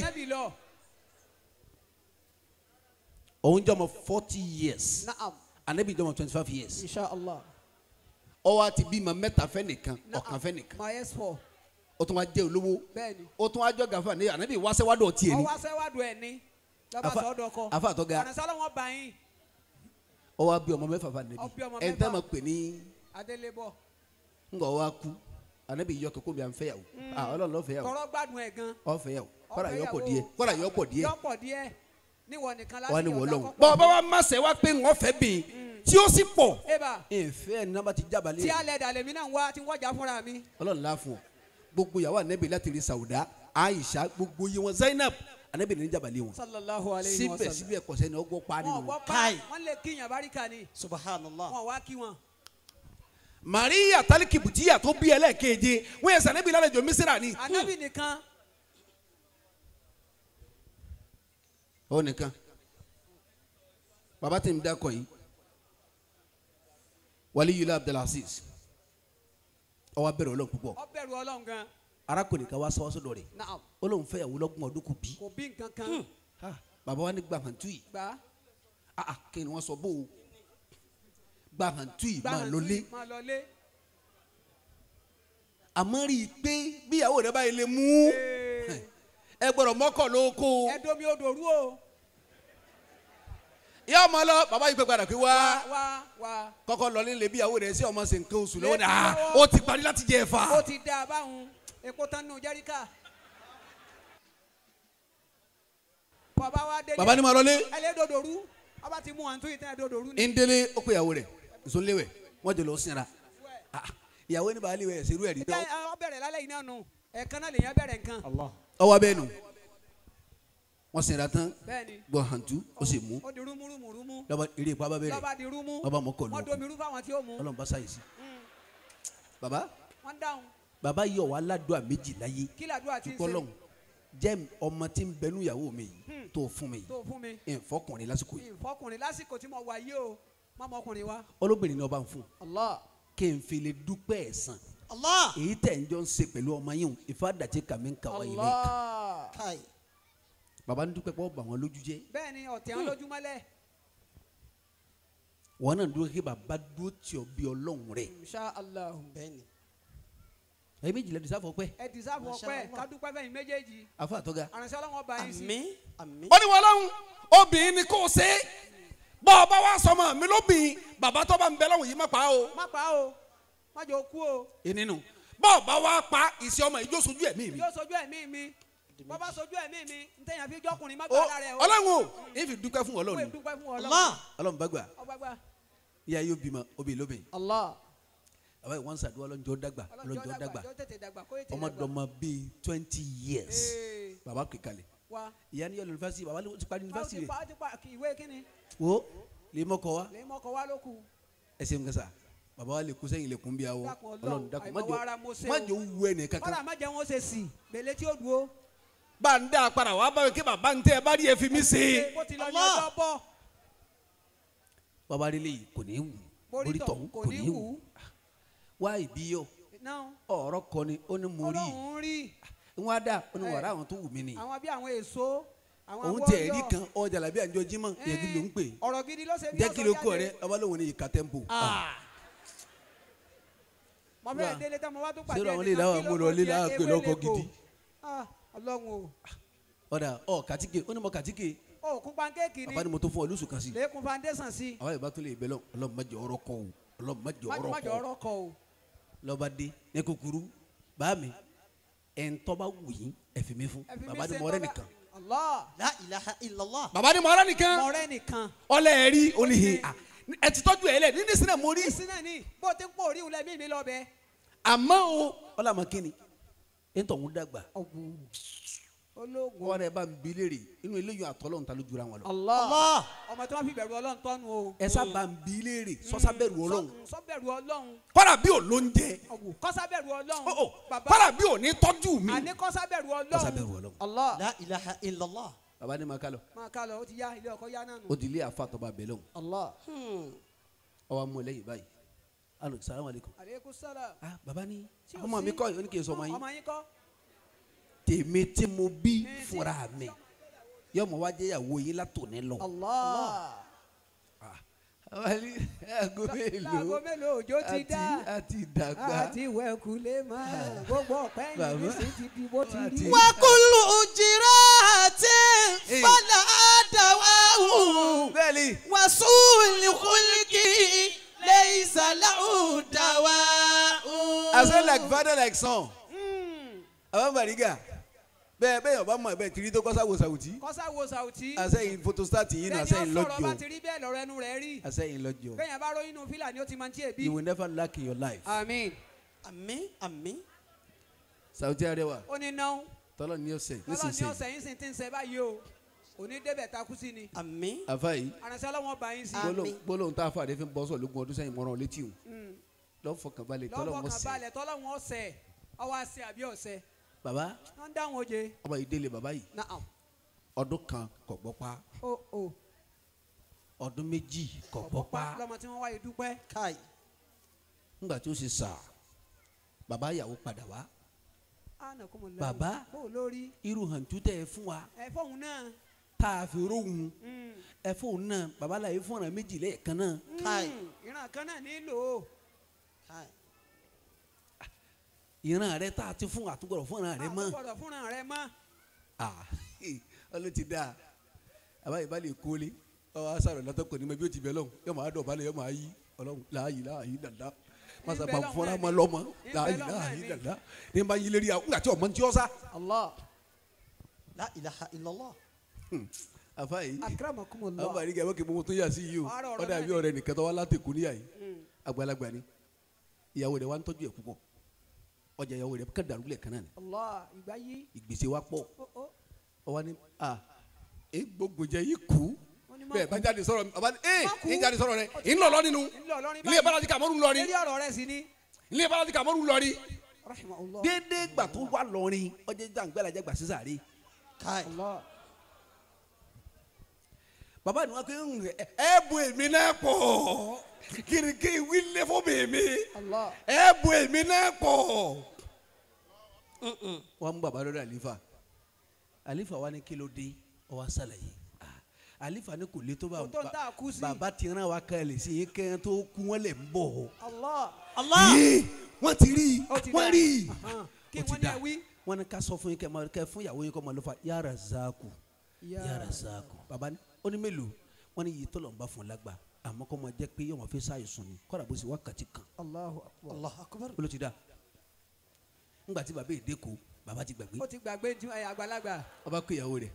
òun jọmọ forty years. naam. anabi jọmọ twenty five years. inshallah. ọwọ́ àti bímọ mẹ́ta fẹ́ nìkan ọ̀kan fẹ́ nìkan. my s four ó tún wá jẹ́ olówó ó tún wá jọ gàfà ní ànábì wáṣẹ́wádọ̀ tiẹ̀ ni. ọwáṣẹ́wádọ̀ ẹ̀ ni lọ́ba sọ́dọ̀ kọ àfa àtọ́ga ànàsálà wọn bá yín. ó wá bí ọmọ mẹ́fà fà nẹ́bí ẹ̀ ń tẹ́ ma pè ní. adélébọ̀. ń gbọ́ wá kú ànábì yọ kókó mi à ń fẹ́ yàwó hmm. ah, ọlọ́run ló fẹ́ yàwó. kọ́rọ́ gbádùn ẹ̀ gan. ó fẹ́ yàwó kọ́ra yọ pọ̀ díẹ̀ kọ́ra yọ pọ̀ díẹ̀. yọpọ̀ díẹ̀ níwọ̀n nìkan láti yọ̀ lọ́kọ̀. bọ́ọ̀ bá má pé ńgọ́ fẹ́ bìn hmm. tí ó sì pọ̀. ẹ bá ìfẹ́ ẹ̀ ní ti jábàlẹ̀. tí alẹ́ dàlẹ́ mi náà wá ti wọ́jà fúnra mi. ọlọ́run láàfún ọ gbogbo ìyàwó anabi láti rí sawuda aisha gbogbo yìí wọn zainab anabi ní jabali wọn. sallallahu alayhi wa sallam síbẹ̀síbẹ̀ kọ̀sẹ́ ni wọn. káyì wọn lè kíyàn barika ni. subhanallah wọn wá kí wọn. maria taliki butiya tó bí ẹlẹ́ẹ̀keje wọ́n yẹ sanabi lálejò misira ni. anabi nìkan. ó nìkan baba tí mi dákọ̀ yìí waliyu abdulaziz ó wá bẹ̀rù Ọlọ́run púpọ̀. ó bẹ̀rù Ọlọ́run gan. arákùnrin kan wá sọ sọ́dọ̀ rẹ̀. ó lóun fẹ́ ìyàwó lọ́gbọ̀n ọdún kò bí. kò bí nǹkan kan. Hmm. bàbá wa ní gbàmàntú yìí. gbà á ah, ah, kí ni wọ́n sọ bó o. gbàmàntú yìí máa lọlé. àmọ́ rí i pé bí ìyàwó rẹ̀ báyìí lè mú ẹ gbọ́dọ̀ mọ́kànlókò. ẹ domi odò rú o yà ọmọ lọ bàbá yìí pé padà pé wá kọ́kọ́ lọ nílé bí ìyàwó rẹ̀ sí ọmọ sì ń ké oṣù lọ́wọ́ náà ah, ó ti parí láti jẹ ẹ̀fà. ó ti dà báwọn èkó tán nù jẹ́ríkà. bàbá wa délé bàbá ni màá lọlé. ẹlẹ́dọ̀dọ̀ rú ọba ti mú àǹtú ìtẹ́ ẹ̀dọ̀dọ̀ rú ni. ń ó pé ìyàwó rẹ̀ ìsúnléwẹ̀ wọ́n jọ lọ sinra ah, ìyàwó ní bàálì wẹ̀ ṣerú ẹ̀rí. ọbẹ̀ rẹ̀ lálẹ́ yìí náà nù ẹ̀ẹ̀kan náà lè yẹn bẹ̀rẹ̀ nǹkan. ọwọ́ abẹ́nu wọ́n sinra tán gbọ́ hàntú ó sì mú lọ́ba eré ipa bábẹ́rẹ́ lọ́ba mọ́ kọ̀ lóko ọlọ́run bá sáyè sí. baba baba yọ wá ládùá méjì láyé tukọ́lọ́hún jẹ́ ọmọ tí ń bẹnu ìyàwó mi yìí hmm. tó fún mi yìí ìfọkùnrin lásìkò yìí. ìfọkùnrin lásìkò tí mo wà yìí o mọ́mọkùnrin wa. olóbìnrin ni ọba ń fún. kí n fi lè dúpẹ́ ẹ̀san èyí tẹ̀ ń jọ ń ṣe pẹ̀lú ọmọ yìí ìfádàtí kàmí ń kàwá ilé kan baba ń dúpẹ́ pọ́ bà wọ́n lójú jẹ́. bẹ́ẹ̀ ni ọ̀tẹ̀ wọn lójú mọ́lẹ̀. wọn náà dúró kí baba dúró tì ọ bí ọlọ́run rẹ̀. insha Allah bẹ́ẹ̀ ni. ẹ méjì lẹ dìsáfọ pẹ. ẹ dìsáfọ pẹ kádúpẹ́ bẹ́ẹ̀ méjèèjì. àfọ àtọ́gà. àrùnsẹ́ ọlọ́run ọba yìí sí. àmín ó ní wọn lọ́hùn obìnrin ni kò ṣe é bọ́ ọba wa sọmọ mi lóbìn bàbá tó bá ń bẹ lọ́hùn yìí má pa o. má pa o má jẹ́ òkú o. ìnínú bọ́ọ̀ bá wa pa ìsì ọmọ ìjó ẹ̀mí mi. ìjó ẹ̀mí mi bàbá sojú ẹ̀mí mi n tẹ̀yàn fi jọkùnrin má gbàdá rẹ o. ọlọ́run o n fi dúpẹ́ fún ọlọ́run ni ọlọ́run bá gbà ìyá yóò bímọ obì lóbìn. bàbá yìí wọ́n ń ṣàdúrà ọlọ́njọ́ dàgbà ọlọ́njọ́ dàgbà ọmọdọ̀mọ bíi twenty years bàbá kékalẹ̀ ìyá ni yọlọ yunifásitì bàbá ti parí yunifásitì rẹ wo lè wa ẹ ṣeun kẹsà baba wa le kun sẹ́yìn le kun bi awọ Ọlọ́run dákun má jẹ́ má jẹ́ wu ẹnì má jẹ́ wọn ṣe sí gbèlè tí ó dúró bá ń dá padà wá bá mi kí bàbá ń tẹ́ ẹ bá rí ẹ fi mí sí i. bàbá rí lè kò ní wù orí tọ̀hún kò ní wù wá ìbí yọ ọ̀rọ̀ kọ ni ó ní mo rí i wọn á dà ó ní wàrà àwọn tó wù mí ni. àwọn bí àwọn èso òun tẹ ẹ̀rí kan ọjà làbí àjọ jímọ̀ ẹ̀rí ló ń pè ọ̀rọ̀ ló ṣe rẹ ọba lóun ní ìka tẹ́ḿpù. Ah. Ah. mọ̀mọ́ ẹ̀ délé tán mo wá tó pàdé ẹ̀ nìkan kí ló kọ́ jẹ́ ewé lẹ́kọ̀ọ́ ọlọ́run o. ọ̀dà ọ kàtíkè ó ní mo kàtíkè. ó kún pankéèkì ni. àbá ni mo tó fún ọ lóṣù kan sí. lẹ́kùn foundation sí. àwa yóò bá tún lè bẹ ọlọ́run má jẹ ọ̀rọ̀ kọ o ọlọ́run má jẹ ọ̀rọ̀ kọ o. má jẹ ọ̀rọ̀ kọ o. lọ́ba dé ní kúkúrú bá mi ẹ̀ ń tọ́ba wù yín ẹ̀ fi mi fún bàbá ni mo nìkan. Allah la ilaha illallah. bàbá ni mo rẹ́ nìkan. mo rẹ́ nìkan. ọlẹ́ ẹ̀ rí oníhe ẹ ti tọ́jú ẹ lẹ̀ ní nísìnyẹ mo rí. nísìnyẹ ni bó o ti ń pò orí òun lọ bẹ́ẹ̀. àmọ́ o ọlọ́mọ ntọ̀hún dàgbà. ológun ọ̀rẹ́ bá ń bi léèrè inú eléyìí àtọ́lọ́hún ta ló jura wọn lọ. Allah ọmọ tí wọn fi bẹ̀rù Ọlọ́run tọ́nu o. ẹ̀sà bá ń bi léèrè sọ́sà hmm. bẹ̀rù Ọlọ́run. sọ́ bẹ̀rù Ọlọ́run. kọ́ra bí ò ló ń jẹ. kọ́sà bẹ̀rù Ọlọ́run. Oh, oh. kọ́ra bí ò ní tọ́jú mi. àní kọ́sà bẹ̀rù Ọlọ́run. kọ́sà bẹ̀rù Ọlọ́run. Allah la ilaha illallah. baba ni ma kálọ. ma kálọ o ti yá ilé ọkọ yá náà o ti lé àfa tọba bẹ̀lẹ̀ o. Allah. ọwọ́ hmm. amú ẹlẹ́yìn báyìí alo salamu aleykum. aleykum salam. ah baba ni ọmọ mi kọ́ yìí ó ní kí n sọ ọmọ yín. ọmọ yín kọ́. tèmi tí mo bí fúnra mi yóò mọ wájú ìyàwó yín látòní lọ. Allah. Ah, wálé aago mélòó aago mélòó òjò ti dá àti ìdàgbà àti wẹkulé máa ah, gbogbo ọ̀pẹ yìí sì ti di bó ti rí. wákùlù jìrá àti eh. fọlá àdáwà hù wàsúùlù kúlìkì. ليس له I sound like father like son. Hmm. Abambariga. Bẹ́ẹ̀ bẹ́ẹ̀ ọba mọ̀ bẹ́ẹ̀ tìrí tó kọ́sáwò sàwùtí. Kọ́sáwò sàwùtí. Àṣẹyìn photostat yìí náà àṣẹyìn lọ́jọ́. Bẹ́ẹ̀ yàn sọ̀rọ̀ bá ti rí bẹ́ẹ̀ lọ́rọ̀ ẹnu rẹ̀ rí. Àṣẹyìn lọ́jọ́. Bẹ́ẹ̀ yàn bá inú fílà ni ó ti máa ń tí èbí. You will never lack in your life. Àmín. Àmín àmín. Sàwùtí Arẹwà. Ó ní náà. Tọ́lọ́ ni ó sẹ̀. Tọ́lọ́ ni ó sẹ̀ yín sì báyìí o. òní débẹ̀ takusi ni. àmín. àfa yìí. arasala wọn bá si. sí. bolo gbólóhùn tá a fa lógun ọdún sẹ́yìn mọ́ràn létí o. lọ́fọ̀kànbalẹ̀ tọ́lọ́wọ́n sẹ́. lọ́fọ̀kànbalẹ̀ tọ́lọ́wọ́n sẹ́ ọwọ́ àbí baba. dele baba ọdún kan kò o o. Oh, oh. méjì tí sà baba padà baba irú hàn fún wa. tá a fi róhùn ẹ fóun náà babaláyé fúnra méjì lẹ́ẹ̀kan náà. káì hmm, ìran kan náà nílò. káì. ìran rẹ tá a ti fún àtúgbọ̀rọ̀ fúnra rẹ mọ́. àtúgbọ̀rọ̀ fúnra rẹ mọ́. ọlọ́run ti dáa àbáyé bá lè kólé ọwọ́ sàrò látọ̀kọ̀ ní ma bí ó ti bẹ̀ lọ́hùn yóò máa dọ̀ balẹ̀ yóò máa yí ọlọ́run láàyè láàyè dàda masa bá fọ́nrán ma lọ́mọ láàyè láàyè dàda ní bá yí lérí àwọn àti ọmọ ntí ọ afa yi akramakumullah àwọn àríkà ẹ̀wọ́n kì í mú tó yà sí yìí o ọ̀dà àbí ọ̀rẹ́ nìkan tó wá látẹ̀kù níyà yìí hmm. àgbàlagbà ni ìyàwó rẹ̀ wá ń tọ́jú ẹ̀ púpọ̀ ọjà ìyàwó rẹ̀ kàn dàrú lẹ̀ kan náà ni ìgbésẹ̀ wa pọ̀ ọwọ́ ni a ẹ gbogbo jẹ yìí kú bẹẹ bá jáde sọ̀rọ̀ ọba ni ee ní jáde sọ̀rọ̀ rẹ ń lọ lọ nínú ilé balaji kàmọ́rù ń lọ rí ilé balaji kàmọ́rù ń lọ rí déédéé gbà tó wà lọ rí gbà sísàárẹ̀ Baba, ni wọn kò ń rẹ ẹ bu èmi náà pọ̀ kìrìkì wílé fún bèmí ẹ bu èmi náà wọn mú bàbá lọ́dọ̀ àlífà àlífà wa ní kí ló dé ó wá ṣàlàyé àlífà ní kò lè tó bá bàbá ti rán wa kan lè ṣe é kẹ́ tó kú wọn lè ń bọ̀. yìí wọ́n ti rí wọ́n rí i ó ti da. wọ́n ní ká sọ fún yín kẹ́ fún ìyàwó yín kọ́ mọ́ yàrá zaku yàrá zaku bàbá ni ó ní mélòó wọ́n ní yìí tó lọ́nba fún lágbà àmọ́ kọ́ máa jẹ́ pé yọ̀wọ́n fi sáyè sùn ni kọ́ra bó ṣe wákàtí kan. Allahu akbar da ńgbà tí bàbá èdè kò bàbá ti gbàgbé. ó ti gbàgbé ju àgbàlagbà. ọba kó ìyàwó rẹ̀.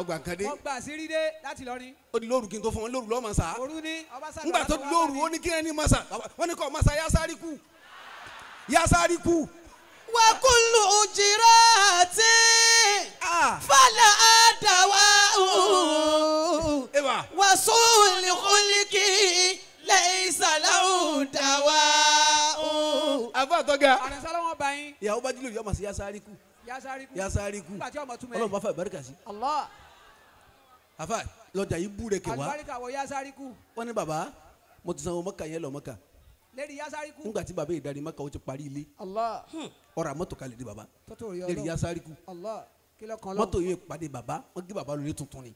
ọgbà ah! nǹkan dé. wọ́n gbà sírí dé láti lọ ni. ó di lóru kí n tó fún wọn lóru lọ́ọ́ màsà. òru ni ọba sáré. ńgbà tó lóru ó ní kí ẹni màsà wọ́n ní kọ́ màsà yásárì kù yásárì kù wa kullu ujirati ah! fala adawa له وسوء الخلق ليس له دواء àbá àtọ́gà àrẹ̀sálọ́ wọn bá yín. ìyàwó bá jílò yọmọ sí yasariku yasariku yasariku bá fà ìbáríkà sí. àfà lọ́jà yìí bú rẹ̀ kẹwàá àlùbáríkà wọ yasariku. wọ́n mo ti san owó mọ́kà yẹn lọ mọ́kà. lérí yasariku. nígbà tí bàbá yìí darí mọ́kà ó ti parí ilé. ọ̀rọ̀ àmọ́tò kalẹ̀ di bàbá lérí yasariku mọ́tò yìí pàdé bàbá wọ́n gé bàbá lórí tuntun ni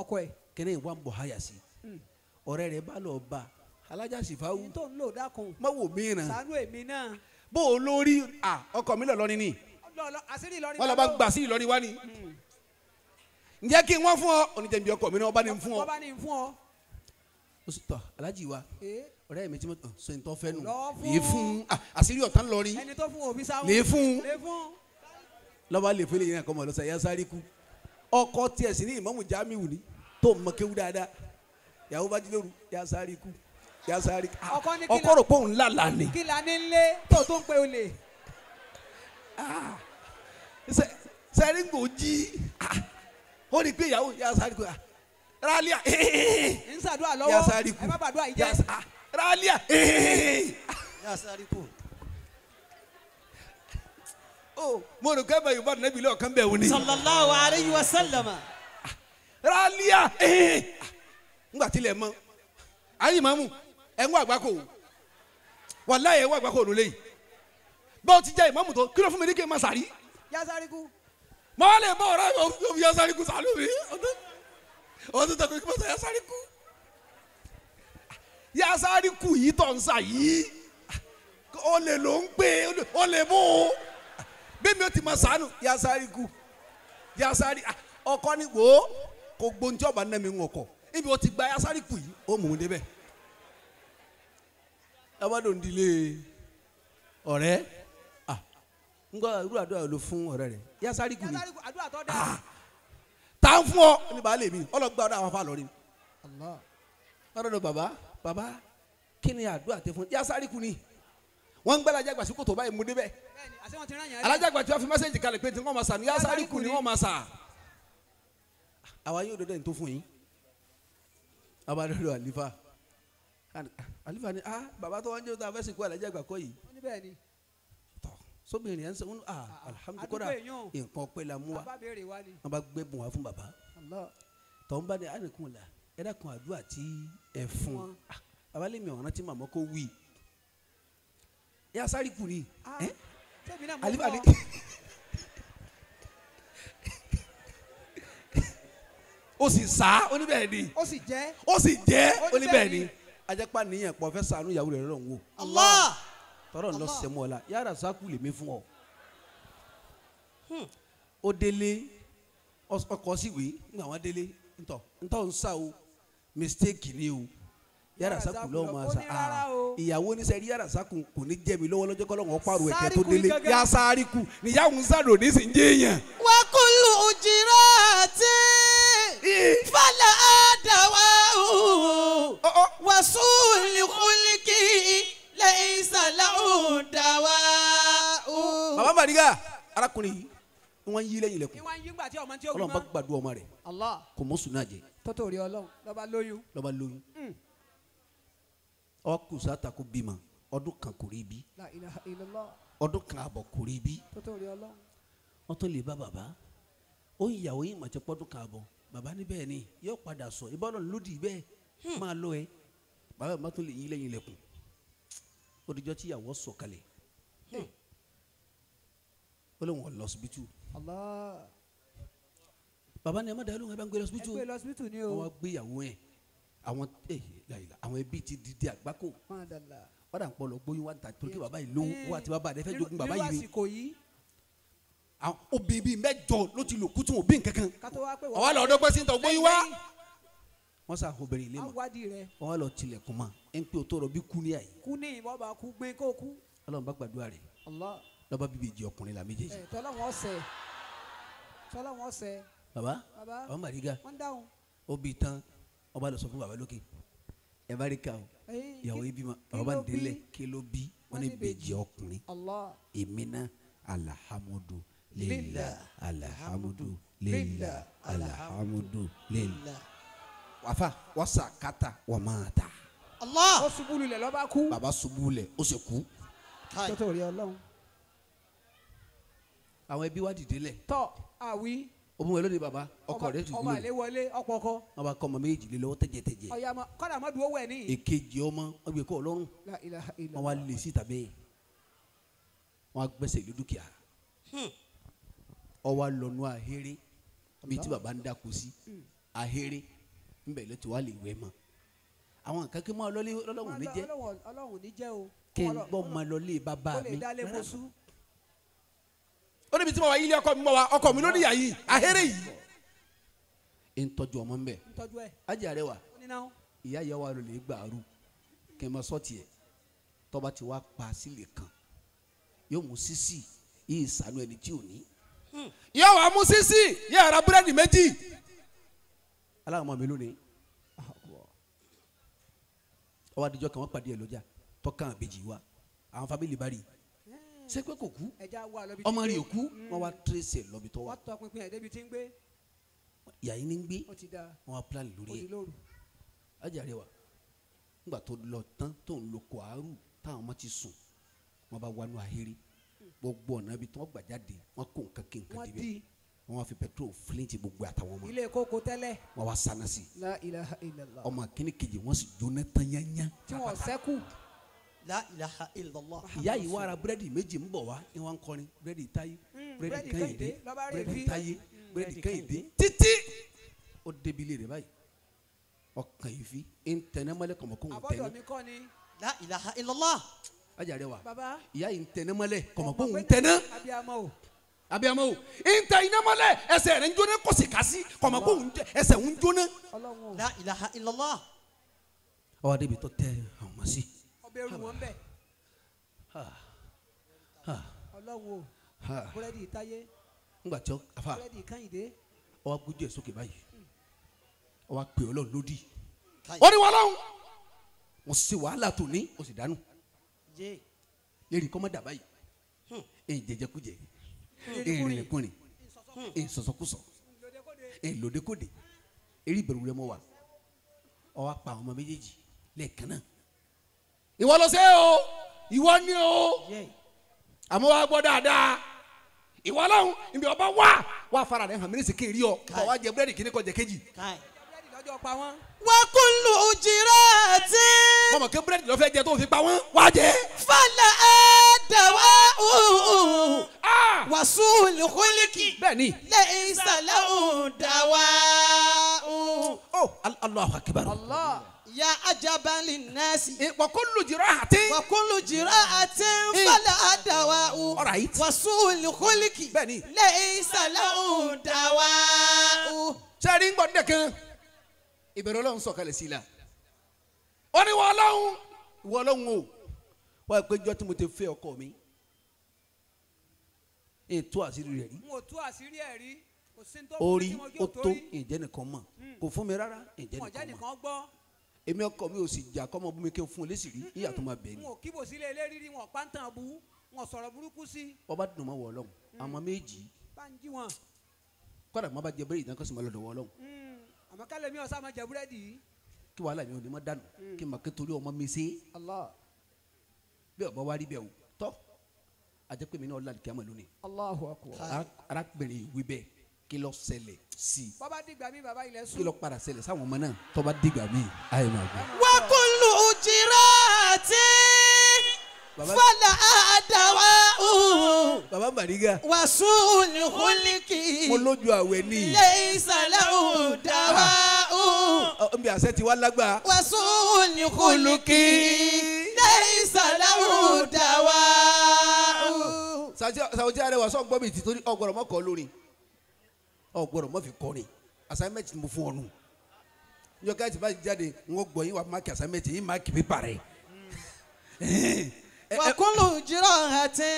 ọkọ ẹ̀ kẹ́nẹ́ ìwà ń bọ̀ háyà sí hmm. ọ̀rẹ́ rẹ̀ bá lọ bá alájà sì fáwọn. èyí tó ń lò dákun. má wò mí ràn. sànú èmi náà. bó o lórí ọkọ mi lọ lọ́ni ni. àṣírí Ìlọrin wọn lọ bá gbà sí Ìlọrin wá ni. Hmm. ǹjẹ́ kí wọ́n fún ọ oníjẹ̀bi ọkọ mi náà ọba ni fún ọ. ni fún ọ. ó sì tọ alájì wa ọ̀rẹ́ mi tí mo sọ ìtọ́ fẹ́ nù lè fún àṣírí ọ̀tá ńlọrin lè fún lọ́ba lè fẹ́lẹ̀ yẹn kọ́ mọ̀ lọ́sẹ̀ yá sáré kú ọkọ tiẹ̀ sí ní ìmámù Jamiu ni tó mọ kéwú dáadáa yàwó bá jílóru yá sáré kú yá sáré kú ọkọ ah, rò pé òun lálàá ni. kí la ní lé tó tó ń pe olè. sẹ́rí ah, ń gbò jí ah, ó rí pé ìyàwó yá sáré kú rálíà eh, eh, eh, ń sàdúrà yá sáré kú yá sáré kú yá sáré kú. oh mo rò pé bẹ́ẹ̀ yorùbá kan ilé wuli. sallallahu alayhi wa raliya eh, ayi mamu ẹ̀ ń wá Walayi wàláyé ẹ̀ ń wá yi. ti jẹ́ ìmọ̀mù tó kí fún mi ní kí n máa yasariku. mo le lè bọ́ ọ̀rọ̀ yóò yasariku sàlù mi ọdún yasariku yasariku bí mi ò ti ma sànù yasari kú yasari ah, ọkọ ni wò ó kò ń ọkọ ibi o ti gba yasari yi yìí ó mú un débẹ̀ ẹ ọrẹ a dilé ọ̀rẹ́ ah n gbọ́ irú àdúrà ló fún ọ̀rẹ́ yasari ni ah ta a fún ọ ní baálé mi ọlọ́gbà ọ̀dọ̀ àwọn afáàlọ́ rí ọ̀dọ̀ bàbá bàbá kí ni àdúrà tẹ fún yasari ni. wọ́n ń gbẹ́ alájàgbà sí kòtò báyìí mú débẹ̀ alájàgbà tí wọ́n fi mẹ́sẹ̀jì kalẹ̀ pé tí wọ́n máa sà ní yásárì kù ni wọ́n máa sà. àwa yóò dọdọ ní tó fún yín abadọdọ àlífà àlífà ni ah baba tó wá ń jẹ́ tó a fẹ́ sìnkú alájàgbà kọ́ yìí sóbìnrin yẹn ń ah, ah alihamudu kọ́ra nǹkan ọpẹ́ la mú wa wọ́n bá gbé bùn wá fún bàbá tọ́hún bá ní ànìkùn la ẹ̀dá kan àdúrà tí ẹ̀ fún abalẹ̀ ah, mi ọ̀ràn tí màmá kò wí. ya sáré kù ni alibade ah, ó sì ni ó sì jẹ́ ó ni ajẹ́pá nìyẹn pọ̀ fẹ́ sànú ìyàwó Allah tọrọ ń lọ sẹmú ọ la yàrá lè lèmi fún ọ O délé ọkọ̀ síwèé nígbà wọn délé o mistake ni o. yàràsákù lọ́wọ́ máa sa aa ah, ìyàwó oníṣẹ́rí yàràsákù kò ní jẹ́mi lọ́wọ́ lọ́jọ́ kọ́ lọ́wọ́ pàrọ̀ ẹ̀kẹ́ tó délé yà sáríkù níyàwó ń sàrò ní sìn jẹ́ yẹn. wákùlù òjìrà tí fàlà àdàwà wàsúùlùkùlùkì lẹ́yìn sàlà òdàwà. bàbá màdìgà arákùnrin yìí ni wọ́n yí lẹ́yìn lẹ́kùn ọlọ́run bá gbàdúrà ọmọ rẹ̀ kò mọ̀ sùn náà jẹ́. tọ́tò rí ọlọ́run lọ́ba lóyún. lọ́ba lóyún. Hmm. ọkù sátàkù bímọ ọdụ ka kò bí ọdụ ka àbọ̀ kò bí wọ́n tún lè bá bàbá ó ń yàwó yìí màtí pọ́dún kan àbọ̀ bàbá níbẹ̀ ni yóò padà sọ ìbọ́lọ̀ lódì bẹ́ẹ̀ máa lọ ẹ sọ lọ baba ni ẹ ẹ bá ń gbé lọ àwọn eh, àwọn ẹbí ti di di àgbákò wọ́n pọ̀ lọ gbóyún wa ta torí kí bàbá yìí ló eh, wà tí bàbá rẹ̀ fẹ́ jogún bàbá yìí ni àwọn obìnrin bíi mẹ́jọ ló ti lò kútu òbí nkankan ọwọ́ lọ ọdọ́gbọ́n sí ìtọ́ gbóyún wa wọ́n sà obìnrin ilé ma ọwọ́ lọ tilẹ̀kùn ma ẹ̀ ń pè ó tọrọ bí kúni àyè. kúni ìwọ bá kú gbé kó kú. ọlọ́run bá gbàdúrà rẹ̀ lọ́ba bíbí ìjì ọkùnrin la méjèèjì. tọ́lọ́wọ́n ọ̀sẹ̀ tọ́lọ́wọ́n ọ̀sẹ̀. baba baba màdìgá ó bi tán ọba lọ sọ fún baba lókè ẹ bá rí ká o ìyàwó yìí bímọ baba ń délẹ̀ kí ló bí wọn ní bèjì ọkùnrin èmi náà alahamudu lila alahamudu lila alahamudu lila wàfà wàsà kàtà wà máa ta. ó lulẹ̀ lọ́ba kú. baba ṣubú lulẹ̀ ó sì kú. tó rí ọlọ́run. àwọn ẹbí wa dìde lẹ̀. tọ́ àwí. òmùwẹ̀ lóde baba ọkọ rẹ tùdú ọba àléwọlé ọkọ kọ. wọn kọ ọmọ tẹjẹ tẹ̀jẹ̀tẹ̀jẹ̀. ọ̀ya ma kọ́dà má dúró wẹ̀ ní. èkejì ọmọ wọn gbé wọn hmm. hmm. wá lè síta wọn dúkìá baba ń sí ahere ti lè àwọn nǹkan kí n máa mi. ó níbi tí mo wà yí ilé ọkọ mi mo wà ọkọ mi ló níyà yìí ahéré yìí. e ń tọ́jú ọmọ nbẹ ajá rẹ wa ìyá ìyá wa lè gbàrú kí n ma sọ tiẹ̀ tọ́ba ti wá pa sílẹ̀ kan yóò mú sísì yìí sànú ẹni tí ò ní. Hmm. yóò wá mú sísì yóò ra búrẹ́dì méjì. aláwọ̀ mi lónìí ọwọ́ adijọ́ kan wọ́n pàdé ẹ̀ lọ́jà tọ́kàn àbèjì wa àwọn fámìlì bá rí i ṣé pé kò kú ọmọ rẹ̀ ò kú mm. wọ́n wá tírèsì ẹ̀ lọ́bi tó wà. ìyá yìí ní ń gbé wọ́n wá plan lórí ẹ̀ ajáre wa ńgbà tó lọ tán tó ń lo kòárù táwọn ọmọ ti sùn wọ́n bá wánú ahéré gbogbo ọ̀nà ibi tí wọ́n gbà jáde wọ́n kó nǹkan kí nǹkan débẹ̀ wọ́n wá fi pẹtrol flinti gbogbo àtàwọn ọmọ. ilé koko tẹ́lẹ̀. wọ́n wá sanasi. ọmọ kìnnìkejì wọ́n sì jóná tanyanya. tí wọ́n sẹ́kù la ilaha illallah. ìyá yìí wá ra búrẹ́dì méjì ń bọ̀ wá ni wọ́n ń kọrin búrẹ́dì táyé hmm, búrẹ́dì kẹ́hìndé búrẹ́dì táyé hmm, búrẹ́dì kẹ́hìndé títí ó débi ilé rẹ̀ báyìí ọkàn yìí fi ń tẹnẹmọlẹ kọmọkọ ń tẹnẹ. àbọ̀dọ̀ mi kọ́ ni la ilaha illallah. ajáde wa ìyá yìí ń tẹnẹmọlẹ kọmọkọ ń tẹnẹ. abiyamọ o abiyamọ o ń tẹ inámọlẹ ẹsẹ̀ rẹ̀ ń jóná kọsíkásí kọmọkọ ẹsẹ̀ ń jóná. la ilaha illallah. ọwọ́ adébítọ́ tẹ àwọn ọmọ sí bẹ̀rù wọn bẹ̀. ọlọ́wọ́ búrẹ́dì táyé ńgbà tí afa búrẹ́dì kányìndé. ọwọ́ agbójú ẹ̀ sókè báyìí ọwọ́ hmm. apè ọlọ́run lódì ó ní wọn lọ́hùn mo ṣe wàhálà tó ní o sì dánú lérí kọ́ mọ́ dà báyìí hmm. èyí jẹjẹkújẹ èyí rìnrìnkùnrin èyí hmm. sọ̀sọ̀kùsọ̀ èyí lòdekòde èyí ìbẹ̀rù rẹ mọ́ wa ọwọ́ apà àwọn ọmọ méjèèjì lẹ́ẹ̀kan náà ìwọ ló ṣe o ìwọ ni o àmọ́ wàá gbọ́ dáadáa ìwọ lọ́hùn ìbí ọba wà wà fara rẹ̀ hàn mí ní sìkè rí ọ kọ́ wá jẹ búrẹ́dì kìíní kọ́ jẹ kejì. wà á kún lu òjìrá tí. mọ̀mọ́ kí búrẹ́dì lọ́fẹ́ jẹ tó fi pa wọ́n wá jẹ. fàlà ẹ̀ dàwa òòrùn wàsùn lùkúlìkì. bẹ́ẹ̀ni. lẹ́yìn sàlẹ̀ òun dàwa òun. ó Allahu akbar. Ya ajabali nasi. Wakulu jira ati. Wakulu jira ati. Fala adawa u. Alright. Wasu kuliki. Bẹ́ẹ̀ni. Leisa lahu dawa u. Sẹ́ẹ̀rì ń gbọ́ díẹ̀ kan. Ìbẹ̀rẹ̀ Ọlọ́run sọ̀kalẹ̀ sí i la. Ó ní wọ́n Ọlọ́run. Ìwọ Ọlọ́run o. Wọ́n á pé jọ́ tí mo ti fẹ́ ọkọ mi. Ètò àṣírí èmi ọkọ mi ò sì jà kọ́ ọmọ bú mi kí n fún un lé sì rí ìyá tó máa bẹ̀ ni. n ò kíbo sílé eléríri wọn pàǹtàn bu wọn sọ̀rọ̀ burúkú sí. ọba dùn mọ́ wọ ọlọ́run mm. àmọ́ méjì. báńjí wọn. kọ́dà má bá jẹ búrẹ́dì náà kó sì máa lọ́dọ̀ wọ ọlọ́run. Mm. àmọ́ kálẹ̀ mi ọ̀sán máa jẹ búrẹ́dì yìí. kí wàhálà mi ò ní má dànù mm. kí n máa ké torí ọmọ mi ṣe. bí ọba wa rí bẹ́ẹ̀ o tọ́ àjẹpẹ́ mi náà lálẹ́ kí á máa lónìí. arákùnrin kí ló si. sí. bọ́bá dìgbà mi bàbá ilẹ̀ sùn. kí ló padà ṣẹlẹ̀ sáwọn ọmọ náà tọ́ba dìgbà mi ayé máa gbọ́. wákùlù jìrọ̀ àti fọlá àdáwà òun. bàbá bàríga. wàásù olùkúlìkì. mo lójú àwẹ̀ ni. ilé ìsàlẹ̀ òun dáwà òun. nbí àṣẹ ti lágbà. wàásù olùkúlìkì. ilé ìsàlẹ̀ òun dáwà òun. sàwọ́jà rẹ̀ wàásù ọgbọ́n mi ti torí ọgbọ̀rọ̀ mọ́kọ́ lórí ọ gbọ́dọ̀ mọ fi kọrin assignment mo fún ọ nù yọ gáàsì bá jáde n kò gbọ́ yín wà máàkì assignment yín máàkì mi parẹ́. wàkúlù jírọ hàtí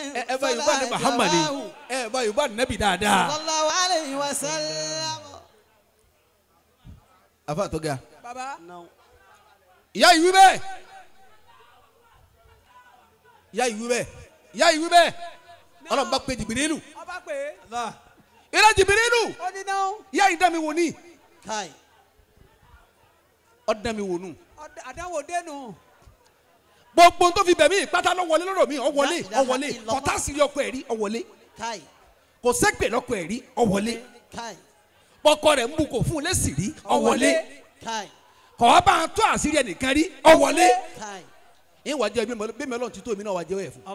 fẹlẹ àjọwáwù ẹ bá yorùbá nàbì dáadáa. sallallahu alayhi wa sallam. afa tó ga. baba. ìyá ìwí bẹ́ẹ̀ ìyá ìwí bẹ́ẹ̀ ìyá ìwí bẹ́ẹ̀ ọlọ́run bá pé jìbìrì nù. ọba ira jibirilu ya yi dami woni kai ọdami wonu. àdáwò dénú. gbogbo tó fi bẹ̀mí pátá lọ wọlé lọ́dọ̀ mi ọ̀wọ́lé ọ̀wọ́lé kọ̀tà sí ọkọ̀ ẹ̀rí ọ̀wọ́lé kai kò sẹ́gbẹ̀ lọ́kọ̀ ẹ̀rí ọ̀wọ́lé kai bọ́kọ rẹ̀ ń bu kò fún un lẹ́sìn rí ọ̀wọ́lé kai kọ̀ ọ́ bá ń tó àṣírí ẹnìkan rí ọ̀wọ́lé kai yín bí mẹlọ́n ti tó èmi náà wàá jẹ fún. ó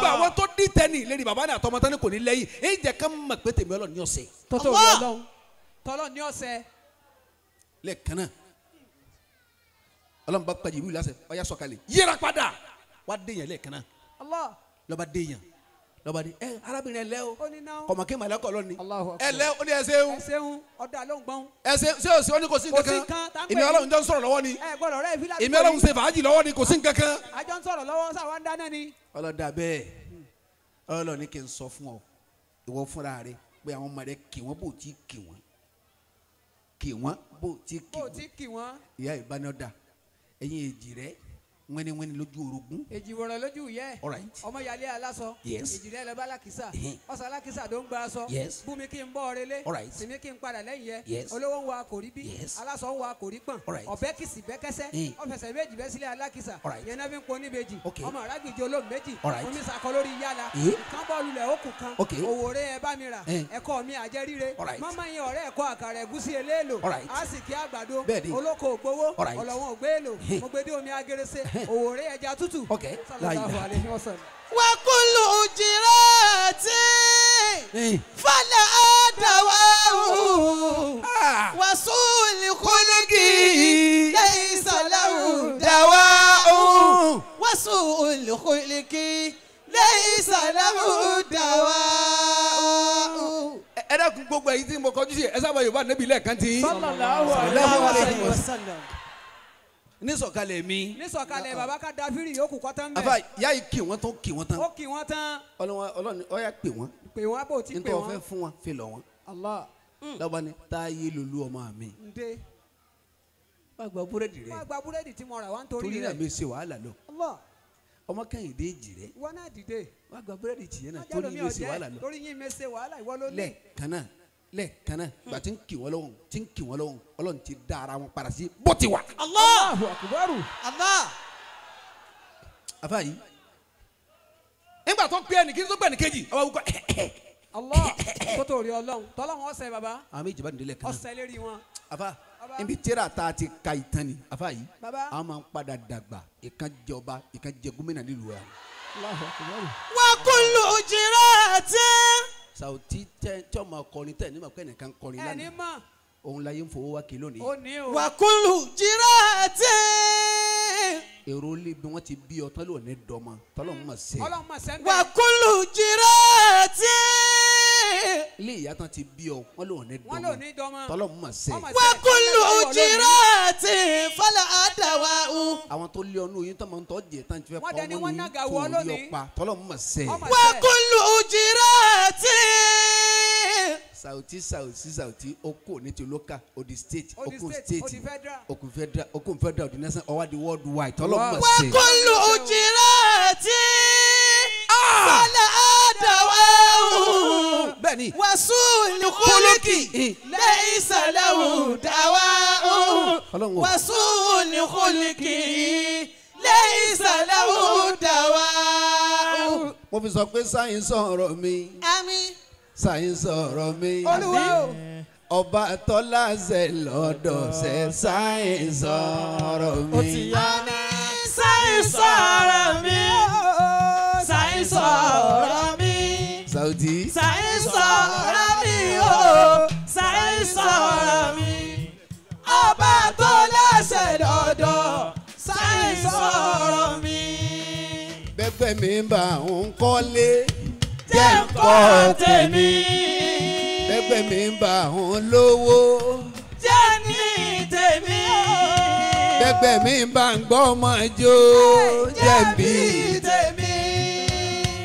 gba àwọn tó dín tẹ́ni lẹ́ni bàbá ní àtọmọ tẹ́ni kò ní lẹ́yìn yín jẹ́ ká mọ̀ pé tèmi ọlọ́run ní ọ̀sẹ̀. tọ́tọ̀ wọ ọlọ́run tọ́lọ́ ní ọ̀sẹ̀. lẹ́ẹ̀kan náà ọlọ́run bá pàjẹ́ ìlú ìlàsẹ̀ ọ̀yà sọ̀kalẹ̀ yíra padà wàá dé lẹ́ẹ̀kan náà lọ́ba dé lọ́ba ni ẹ arábìnrin ẹ lẹ́ o kọ̀mọ̀ kí màlẹ́ kọ̀ lónìí ẹ lẹ́ o ní ẹ ṣeun ẹ ṣeun ọ̀dà ló ń gbọ́n. ẹ ṣe ṣé o ṣe o ní kò sí nǹkankan ìmí ọlọ́run jọ ń sọ̀rọ̀ lọ́wọ́ ni ìmí ọlọ́run ṣe fàájì lọ́wọ́ ni kò sí nǹkankan. a jọ ń sọ̀rọ̀ lọ́wọ́ sáwa ń dáná ni. ọlọ́dà bẹ́ẹ̀ ọlọ́run ní kí n sọ fún ọ ìwọ fúnra rẹ pé àwọn ọmọ rẹ kì wọ́n bò tí kì wọ́n kì wọ́n bò tí kì wọ́n ìyá ìbánidá ẹ̀yin èjì rẹ̀ wẹ́ni wẹ́ni lójú orogún. èjì wọ̀rọ̀ lójú yẹ. alright. ọmọ yàlẹ́ aláṣọ. yes. èjì rẹ̀ lọ bá alákìsà. ọ̀sán alákìsà ló ń gba aṣọ. yes. bùnmi kí n bọ́ ọ relé. alright. sinmi kí n padà lẹ́yìn yẹ. yes. olówó ń wa kò rí bí. yes. aláṣọ ń wa kò rí pọ̀n. alright. ọ̀bẹ kìsì bẹ́ kẹsẹ́. ọ̀fẹsẹ̀ méjì bẹ́ sílẹ̀ alákìsà. alright. yẹn náà fi ń poni méjì. ok ọmọ arágbèjì olóhùn méjì. alright. mo ní sakọ lórí yàrá. kán bọ́ọ̀lù lẹ̀ ókùn kan. ok òwò rẹ̀ ẹ bá mi rà. ẹ̀kọ́ mi àjẹ́ ríre. alright. mọ́mọ́ yẹn ọ̀rẹ́ ẹ̀kọ́ àkàrà ẹ̀gúsí eléèlò. alright. a sì kí àgbàdo. bẹ́ẹ̀ ni olóko ògbówó. alright. ọ̀lọ́wọ́n ògbéèlò. mo gbé dé omi agérésé. òwòrè ẹja tútù sallallahu alaihi wasallam. wa kullu ujirati fala dawahu ah. wa sul khuluqi laysa lahu dawahu wa sul khuluqi laysa lahu dawahu ẹ dákun gbogbo èyí tí mo kọjú sí ẹ sábà yorùbá níbi lẹ́ẹ̀kan tí. sallallahu alaihi wasallam nísọ̀kalẹ̀ mi. nísọ̀kalẹ̀ ah, baba ah. ka dafiri yòókù kọ́tán bẹ́ẹ̀. afa yà yìí kì wọ́n tán kì wọ́n tán. ó kì wọ́n tán. ọlọ́wọ́n ọlọ́ni ọ yà pè wọ́n. pè wọ́n bò ti pè wọ́n. ntọ́ fẹ́ fún wọn fi wọn. Allah. Hmm. lọ́ba ni tá a yé lulu ọmọ mi. nde. wàá gba búrẹ́dì rẹ. wàá gba búrẹ́dì tí mo rà wá ń torí rẹ. torí náà mi ṣe wàhálà lọ. Allah ọmọ kẹyìn dé jì rẹ. wọn di dìde. wàá gba búrẹ́dì tì yẹn náà torí yín mi ṣe wàhálà lọ. torí yín mi ṣe wàhálà ìwọ ló ní. lẹ lẹ́ẹ̀kan náà gbà tí ń kì wọ́n lọ́wọ́ tí ń kì wọ́n lọ́wọ́ ọlọ́run ti dá ara wọn padà sí bó ti wà. Allahu Akbar. afa yìí nígbà tó pe ẹnì kí tó gbẹ ẹnì kejì ọba wúkọ. Allah kótó rí ọlọ́run tọ́lọ́run ọ̀sẹ̀ baba. àwọn méjì bá nílẹ̀ kan náà ọ̀sẹ̀ lérí wọn. afa ibi tíra ta ti ka ìtàn ni afa yìí àwọn máa ń padà dàgbà ìkan jọba ìkan jẹ gómìnà nílùú wa. Allahu Akbar. wa kullu ujrati sàwùtí tẹ tí ọmọ kọrin tẹ nígbà pé ẹnìkan kọrin lánàá ẹni mọ òun la yẹ fowó wa kì lónìí. ó ní o. wàkúlù jírà tí. èrò lè bí wọ́n ti bí ọ tọ́lọ́ ní dọ́mọ tọ́lọ́ mọ̀ sẹ́. wàkúlù jírà ilé ìyá tán ti bí ọ wọn lòun ní dọmọ tọlọmù mà sẹ. wọ́n kú lu jìrọ̀ àdàwà o. àwọn tó lé ọnu yín tọmọ tó jẹ tán ti fẹ́ pọ́ wọn ní tó rí ọpa tọlọmù mà sẹ. wọ́n kú lu Sauti Sauti Sauti oko ní ti local odi state oko state oko federal oko federal odi national ọwadi worldwide tọlọmù mà sẹ. wọ́n kú bẹ́ẹ̀ ni. wàásù ni kúlíkì lẹ́yìn sàlẹ̀hùn dáwà ọ̀hún. wàásù ni kúlíkì lẹ́yìn sàlẹ̀hùn dáwà ọ̀hún. mo fi sọ pé sáyẹnsì ọ̀rọ̀ mi. àmín. sáyẹnsì ọ̀rọ̀ mi. olúwa o ọba tọ́lá ṣe lọ́dọ̀ ṣe sáyẹnsì ọ̀rọ̀ mi. o ti yá. mi. sáyẹnsì ọ̀rọ̀ ọ̀rẹ́ mi o ṣàì sọ̀rọ̀ mi ọba tó lẹ́sẹ̀ dọ̀dọ̀ ṣàì sọ̀rọ̀ mi. bẹ́gbẹ́ mi bá ń kọ́lé jẹ́ ń kọ́ tèmi. bẹ́gbẹ́ mi bá ń lówó jẹ́ ní tèmi. bẹ́gbẹ́ mi bá ń gbọ́ ọmọ jó jẹ́ bí tèmi.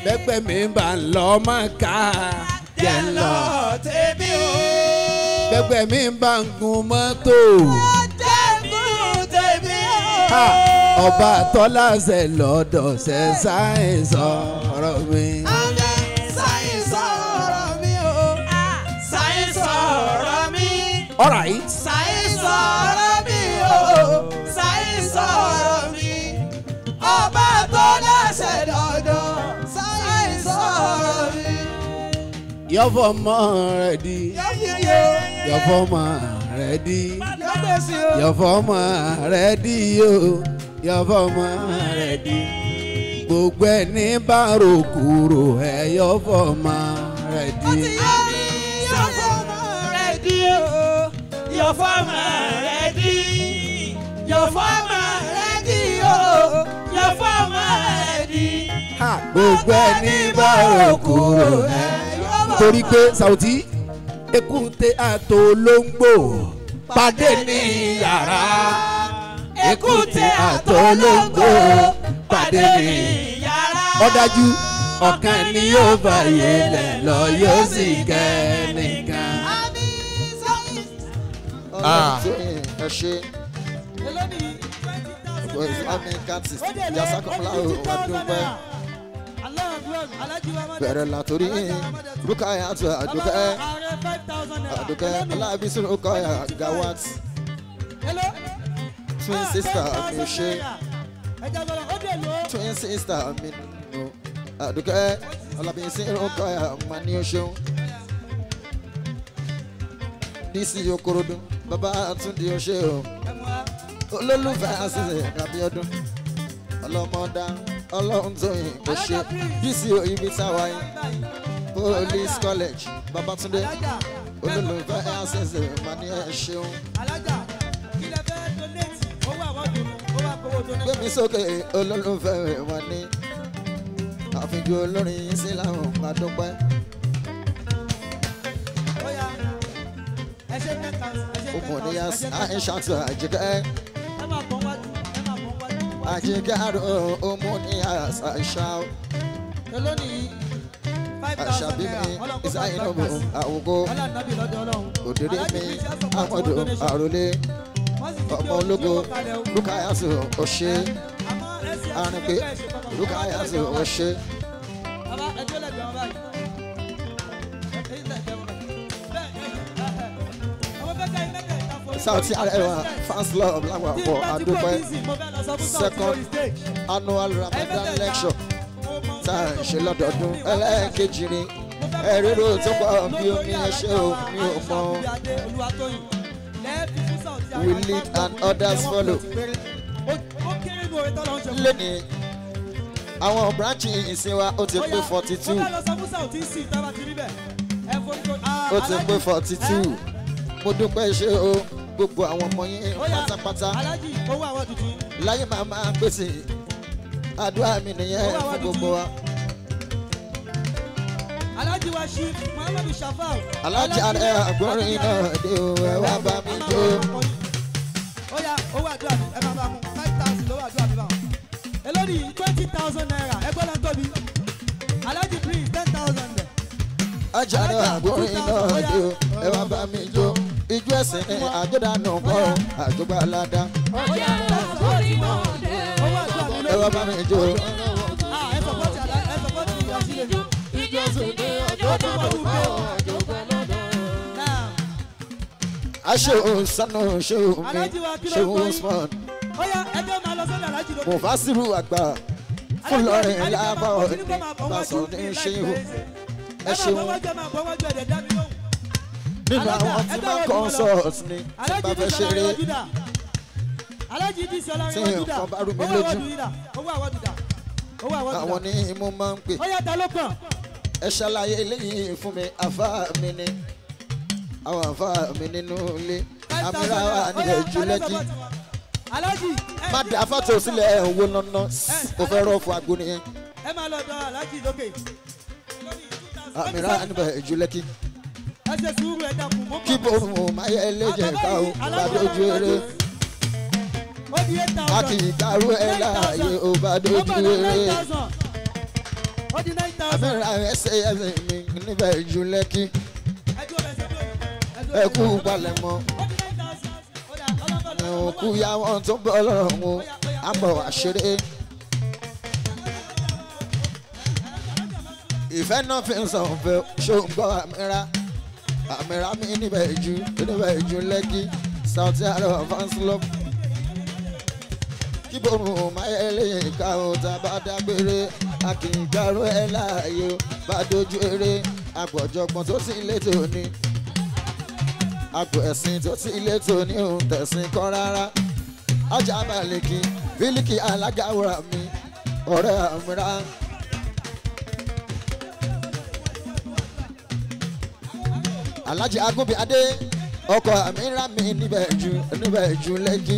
bẹ́gbẹ́ mi bá ń lọ ọmọ ká jẹ́ ń lọ tèmi o. gbẹgbẹ mi ń bá ń gun mọ́tò. dẹ́kun tèmi o. ọba tọ́lá ṣe lọ́dọ̀ ṣe sáyẹ̀nsì ọ̀rọ̀ mi. sáyẹ̀nsì ọ̀rọ̀ mi o. sáyẹ̀nsì ọ̀rọ̀ mi. all right. sáyẹ̀nsì ọ̀rọ̀ mi o. sáyẹ̀nsì ọ̀rọ̀ mi. ọba. yọ̀fọ̀ mọ́ rẹ̀ di yọ̀fọ̀ mọ́ rẹ̀ di yọ̀fọ̀ mọ́ rẹ̀ di o yọ̀fọ̀ mọ́ rẹ̀ di gbogbo ẹni bá rògbòrò ẹ̀ yọ̀fọ̀ mọ́ rẹ̀ di. yọ̀fọ̀ mọ́ rẹ̀ di o yọ̀fọ̀ mọ́ rẹ̀ di yọ̀fọ̀ mọ́ rẹ̀ di o yọ̀fọ̀ mọ́ rẹ̀ di. gbogbo ẹni bá rògbòrò ẹ̀ torí pé Saoty èkúté àtolóńgbò pàdé ní yàrá èkúté àtolóńgbò pàdé ní yàrá ọ̀dájú ọ̀kan ni yóò bá yẹlẹ̀ lọ yóò sì kẹ́ nìkan. Ah. Ah. ẹ ṣe ẹmí kan ti yasa kọ́mọ́lá ọdún pẹ́ bẹ̀rẹ̀ látòrí rúkàyà tó àdùkẹ́ àdùkẹ́ alábísí rúkàyà gawat twin sister mi ṣe twin sister mi nù àdùkẹ́ alábísí rúkàyà mà ní oṣù baba atunde oṣù olólùfẹ́ àṣìṣe rabiodun ọlọ́mọdá ọlọ́run tóyìn ṣe DCO ibi táwa yín police college Babatunde olólùfẹ́ access mani ẹ ṣeun. gbẹ̀mí sókè olólùfẹ́ wọn ní àfijù olórin sí làwọn máa dúpẹ́. ogun ni àìsàn àjẹkẹ́ five thousand. àjẹgàrò ọmọnìyà àṣà àṣàbí mi ìsáyìnbó àwògó òdèrè mi amọ̀dù àròlé ọmọ ológo lukayasu ọ̀ṣẹ́ arìnpé lukayasu ọ̀ṣẹ́. Saoty Arewa fans love lápapọ̀ àdúpẹ́ second annual Ramadan lecture tá à ń ṣe lọ́dọọdún ẹlẹ́ẹ̀kejì ni ẹ̀rírò tó pọ̀ bí omi ẹṣẹ́ o ò mọ̀ we lead and others follow lónìí àwọn branch ìsìn wa ó ti pé forty two ó ti pé forty two mo dúpẹ́ ṣe o gbogbo àwọn ọmọ yín pátápátá láyé máa máa pèsè àdúrà mi nìyẹn fún gbogbo wa. Alhaji Washif Muhammadu Shafau. Alhaji Alẹ́ Agbọ́nrin náà dé o, ẹ wá bá mi jó. Ó yá owó àdúrà mi, ẹ máa bá mú five thousand lówó àdúrà mi báwọn. Elódì twenty thousand naira ẹgbẹ́ náà tóbi. Alhaji please ten thousand. Ajá náà Agbọ́nrin náà dé o, ẹ wá bá mi jó ijó ẹsẹ̀ àjọdànù kọ́ àjọgbà aládá. ọjà sórí mọ̀ọ́dẹ́. ẹ wá bá mi jó. ijó sóde àjọdànù kọ́ àjọgbà aládá. aṣọ sanu ṣe omi ṣe Usman. mo fà sírù àgbà fúlọrin lábọ̀ ní ìbáṣọ ní ṣe ẹ ṣeun nínú àwọn tí máa consult ni tí bá fẹ́ ṣeré tí nǹkan bá rú mi lójú àwọn ni mo máa ń pè ẹ ṣàlàyé eléyìí fún mi àfa mi ni àwọn àfa mi nínú ilé àmúra wa nílẹ̀ jù lẹ́kì má dà fàtò sílẹ̀ ẹ̀ ń wo nánà kò fẹ́ rọ́ fún agbóni yẹn. ẹ máa lọ dán aláàjì lókè. àmìrán níbẹ̀ jù lẹ́kì kí borun o máa yẹ ẹlẹ́jẹ̀ ká o bá dojú eré a kì í dárú ẹ láàyè o bá dojú eré abẹ́rẹ́ àwọn ẹsẹ̀ ẹsẹ̀ mi níbẹ̀ ju lẹ́kí ẹ kú balẹ̀ mọ́ ẹ̀wọ̀n kú ya wọn tó bọ́ lọ́rùn o àmọ́ àṣírí. ìfẹ́ náà fi ń sàn fẹ́ ṣó àmì rá àmìrámì níbẹ̀ ìjú níbẹ̀ ìjú lẹ́kì south Arọ fans club. kíbo mo máa yẹ lẹ́yìn ìka ohun tá a bá dágbére a kì í garú ẹ láàyè bá dojú eré àgbọ̀jọ̀gbọ̀n tó ti lé tòní àgbò ẹ̀sìn tó ti lé tòní òun tẹ̀sìn kan rárá ajá balẹ̀ kí bílíkì alága mi ọ̀rẹ́ àmìrá. alhaji agunbi adé ọkọ mi rà mí níbẹ̀ jù níbẹ̀ jù lẹ́jì.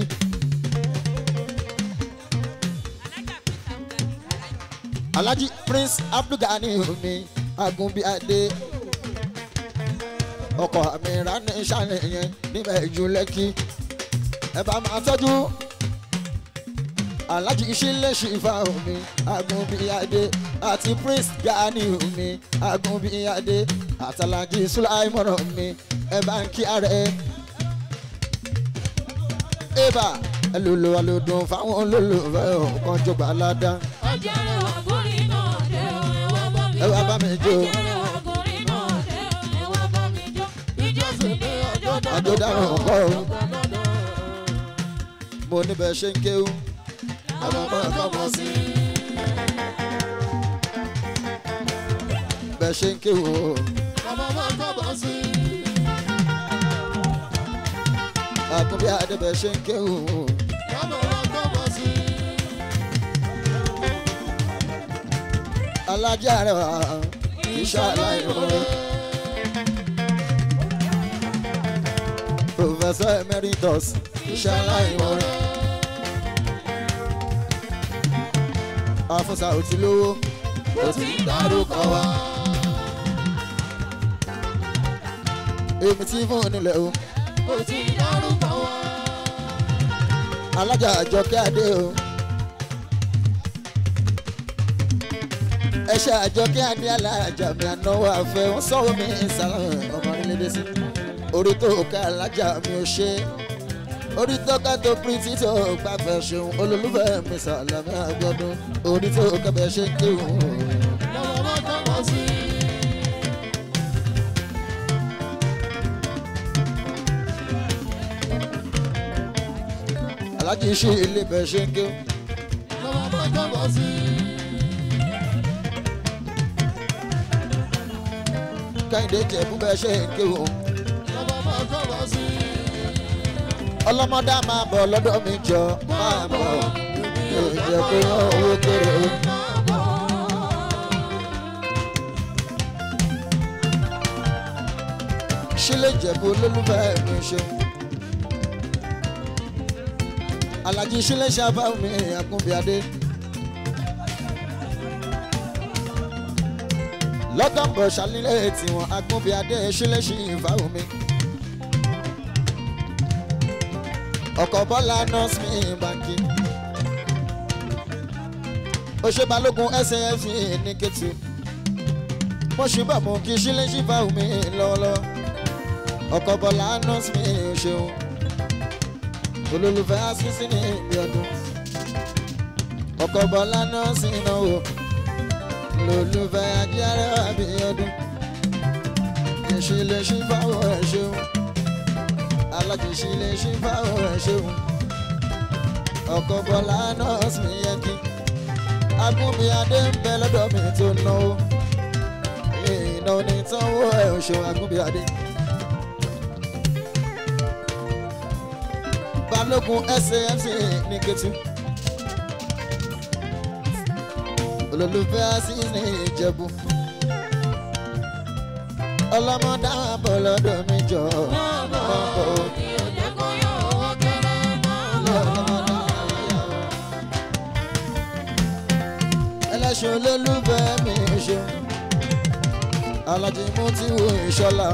alhaji prince abdulgani omi agunbi adé ọkọ mi rà ní sàníyàn níbẹ̀ jù lẹ́kì ẹ bá máa tọ́jú alhaji ìṣílẹ̀ ṣìfà omi agunbi adé àti prince gani omi agunbi adé àtàlàjì sulaimọ̀nà mi ẹ bá ń kí ara ẹ. eba ẹlòlò wa ló dùn fáwọn olólùfẹ́ ọ̀kan jọgbà aládá. ọjà rẹ̀ wà gòrí náà dé o ẹ̀wọ̀n bọ́ bá mi jó. ọjà rẹ̀ bá mi jó. ìjọ sì ni ọjọ́ dáhùn kọ́ o. mo níbẹ̀ ṣe ń kéwú. àwọn ọmọ ẹ̀kọ́ mọ̀ sí i. bẹ́ẹ̀ ṣe ń kéwú mama kabasi. Akunbi Adebe ṣe ń kéwù. Mama kabasi. Alájà rẹ̀ wá iṣẹ́ aláìrọ̀rẹ́. Professor Emeritus iṣẹ́ aláìrọ̀rẹ́. Afúnṣà ò lówó, ó dárúkọ wa. èmi tí fún nílẹ̀ o. kò tí dárúkọ wọn. alájà àjọkẹ́ adé o. ẹṣẹ àjọkẹ́ adé alájà mi ànáwó àfẹ wọn sọ̀rọ̀ mi ìsàlọ̀ ọmọ orílẹ̀-èdè sí. orí tó ká alájà mi ò ṣe orí tó ká tó pírítì tó gbàgbẹ́ ṣeun olólùfẹ́ mi sàlámẹ́ àgbọ̀dún orí tó ká bẹ́ ṣe kéwòn. aláàjì ṣe ilé bẹ̀ ṣe ń ké. lọ́wọ́ bá jábọ̀ sí i. kẹ́hìndé jẹ̀bú bẹ́ ṣe ń ké o. lọ́wọ́ bá jábọ̀ sí i. ọlọ́mọdé a máa bọ̀ lọ́dọ̀ mi jọ máa bọ̀ yóò jẹ́ pé owó kéré o. sílé jẹ̀bú olólùfẹ́ mi ṣe. Alhaji Sule Ṣàbámi Àgúnbíadé. lọ́gọ́gbọ̀ ṣàlílẹ̀ tiwọn Àgúnbíadé Sule Ṣàbámi. ọkọ̀ bọ́lá nọ́ọ̀sì mi bàǹkì. òṣè balógun saf ní kété. mo ṣì bọ̀ mú kí Sule Ṣàbámi lọ́wọ́lọ́wọ́. ọkọ̀ bọ́lá nọ́ọ̀sì mi ṣeun olólùfẹ́ asúnsí ní ìbí ọdún ọkọ̀ bọ́lá náà sì náwó olólùfẹ́ ajíárẹ́ àbí ọdún ìṣílẹ̀ ṣí fáwọn ẹ̀ ṣeun alájìṣílẹ̀ ṣí fáwọn ẹ̀ ṣeun ọkọ̀ bọ́lá náà sì yẹ kí agúnmi adé ń bẹ lọ́dọ̀ mi tó náwó ìnáwó ní tánwó ẹ̀ ṣeun agúnmi adé. balógun SAFC ní kẹtù. olólùfẹ́ asis ní ìjẹ̀bù. ọlọ́mọ dáàbò lọ́dọ̀ mi jọ ọkọ̀ òbí. ẹlẹ́ṣin olólùfẹ́ mi ṣe alájí mú tí wù í ṣọlá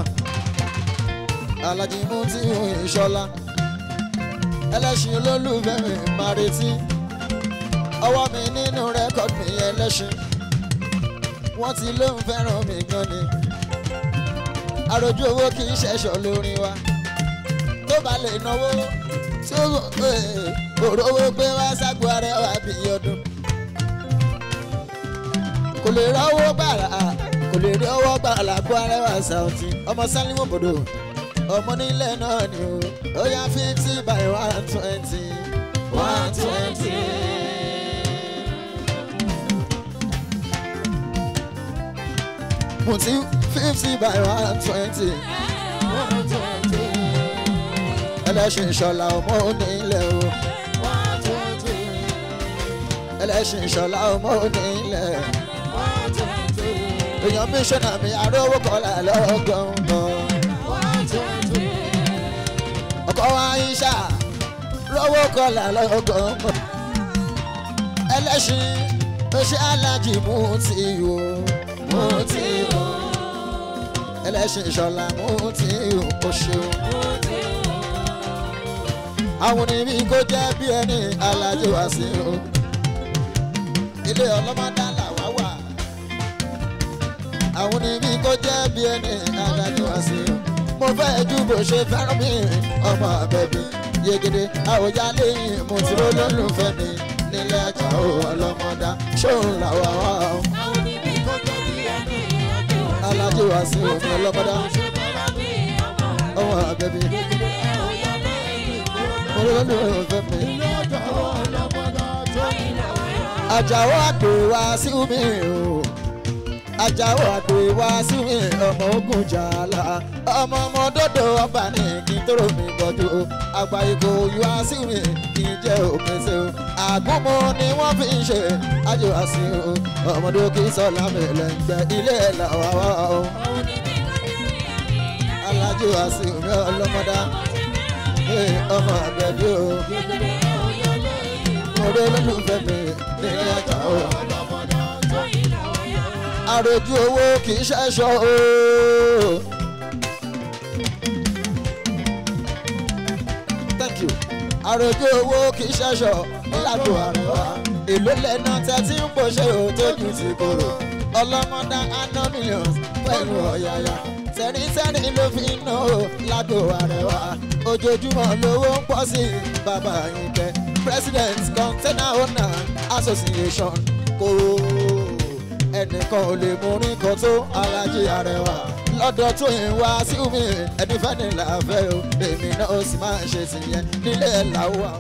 alájí mú tí wù í ṣọlá ẹlẹ́ṣin olólùfẹ́ mi máa retí ọwọ́ mi nínú rẹ́kọ̀dù mi ẹlẹ́ṣin wọ́n ti lóun fẹ́ràn mi gan ni àròjù owó kì í ṣẹ̀ṣọ́ lórin wa tó bá lè náwó tí ó òrówó pé wá ságbo arẹwà bí ọdún kò lè rọ́wọ́ gbàrà kò lè rọ́wọ́ gbàrà lágbo arẹwà sàùtì ọmọ sálíwọ̀n bòdò ọmọ nílẹ̀ náà ni o ó yá fifty by one twenty. one twenty. mo ti fifty by one twenty. one twenty. ẹlẹ́sìn ìṣọ̀lá ọmọ onílẹ̀ o. one twenty. ẹlẹ́sìn ìṣọ̀lá ọmọ onílẹ̀. one twenty. èèyàn mi ṣọ́nà mi arówó kọ́lá lọ́gọ́ngàn ọkọ wa Aisha lọ́wọ́ kọlà lọ́gàn ẹlẹ́ṣin tó ṣe alájì mú ti o mú ti o ẹlẹ́ṣin ìṣọ̀lá mú ti o kò ṣe o mú ti o àwọn oníbí kò jẹ́ bí ẹni alájì wá sí o ilé ọlọ́mọdá làwa wà àwọn oníbí kò jẹ́ bí ẹni alájì wá sí o mo fẹ́ ju bó ṣe fẹ́ràn mi ọmọ àbẹ̀bí yegede àwòjá lẹ́yìn mo ti ró lólùfẹ́ mi nílé ẹ̀ka ò ọlọ́mọdá ṣóun làwa wá o. alájú wa sí omi ọlọ́mọdá ọmọ àbẹ̀bí mo ró lólùfẹ́ mi. àjàwọ́ àpè wá sí omi o ajáwó àgbè wá síwìn ọmọ ogun jàlá ọmọ ọmọ dọ́dọ̀ ọba ní kí n tóró mi bọ́jú o àgbà ikọ̀ yóò wá síwìn kí n jẹ́ òkèsè o àgúnmu ni wọ́n fi ń ṣe àjò àsìn o ọmọdé kì í sọ lámìlẹ̀ gbẹ ilé ẹ̀ làwọn wá o. alájò àsìn mi ọlọ́mọdá ọmọ àgbẹ̀bí o. mo rí olólùfẹ́ mi ní ọjà o àròjù owó kì í ṣẹ́ṣọ ooo. thank you àròjù owó kì í ṣẹ́ṣọ nílàjò àrẹwà èló lẹ́nu tẹ́tí ń pòṣe ò tójú ti kúrò ọlọ́mọdá aná millions pẹ̀lú ọ̀yàyà tẹ́rìntẹ́rìn ló fi ń ná o lágbo àrẹwà ojoojúmọ́ lówó ń pọ̀ sí bàbá yín president container owner association kò ẹnìkan ò lè mú ní kan tó alájí arẹwà lọ́dọ̀ tó ń wá sí omi ẹ̀dínfẹ́ni làáfẹ́ o èmi náà ó sì máa ń ṣe tìyẹn nílé ẹ̀ làwọn.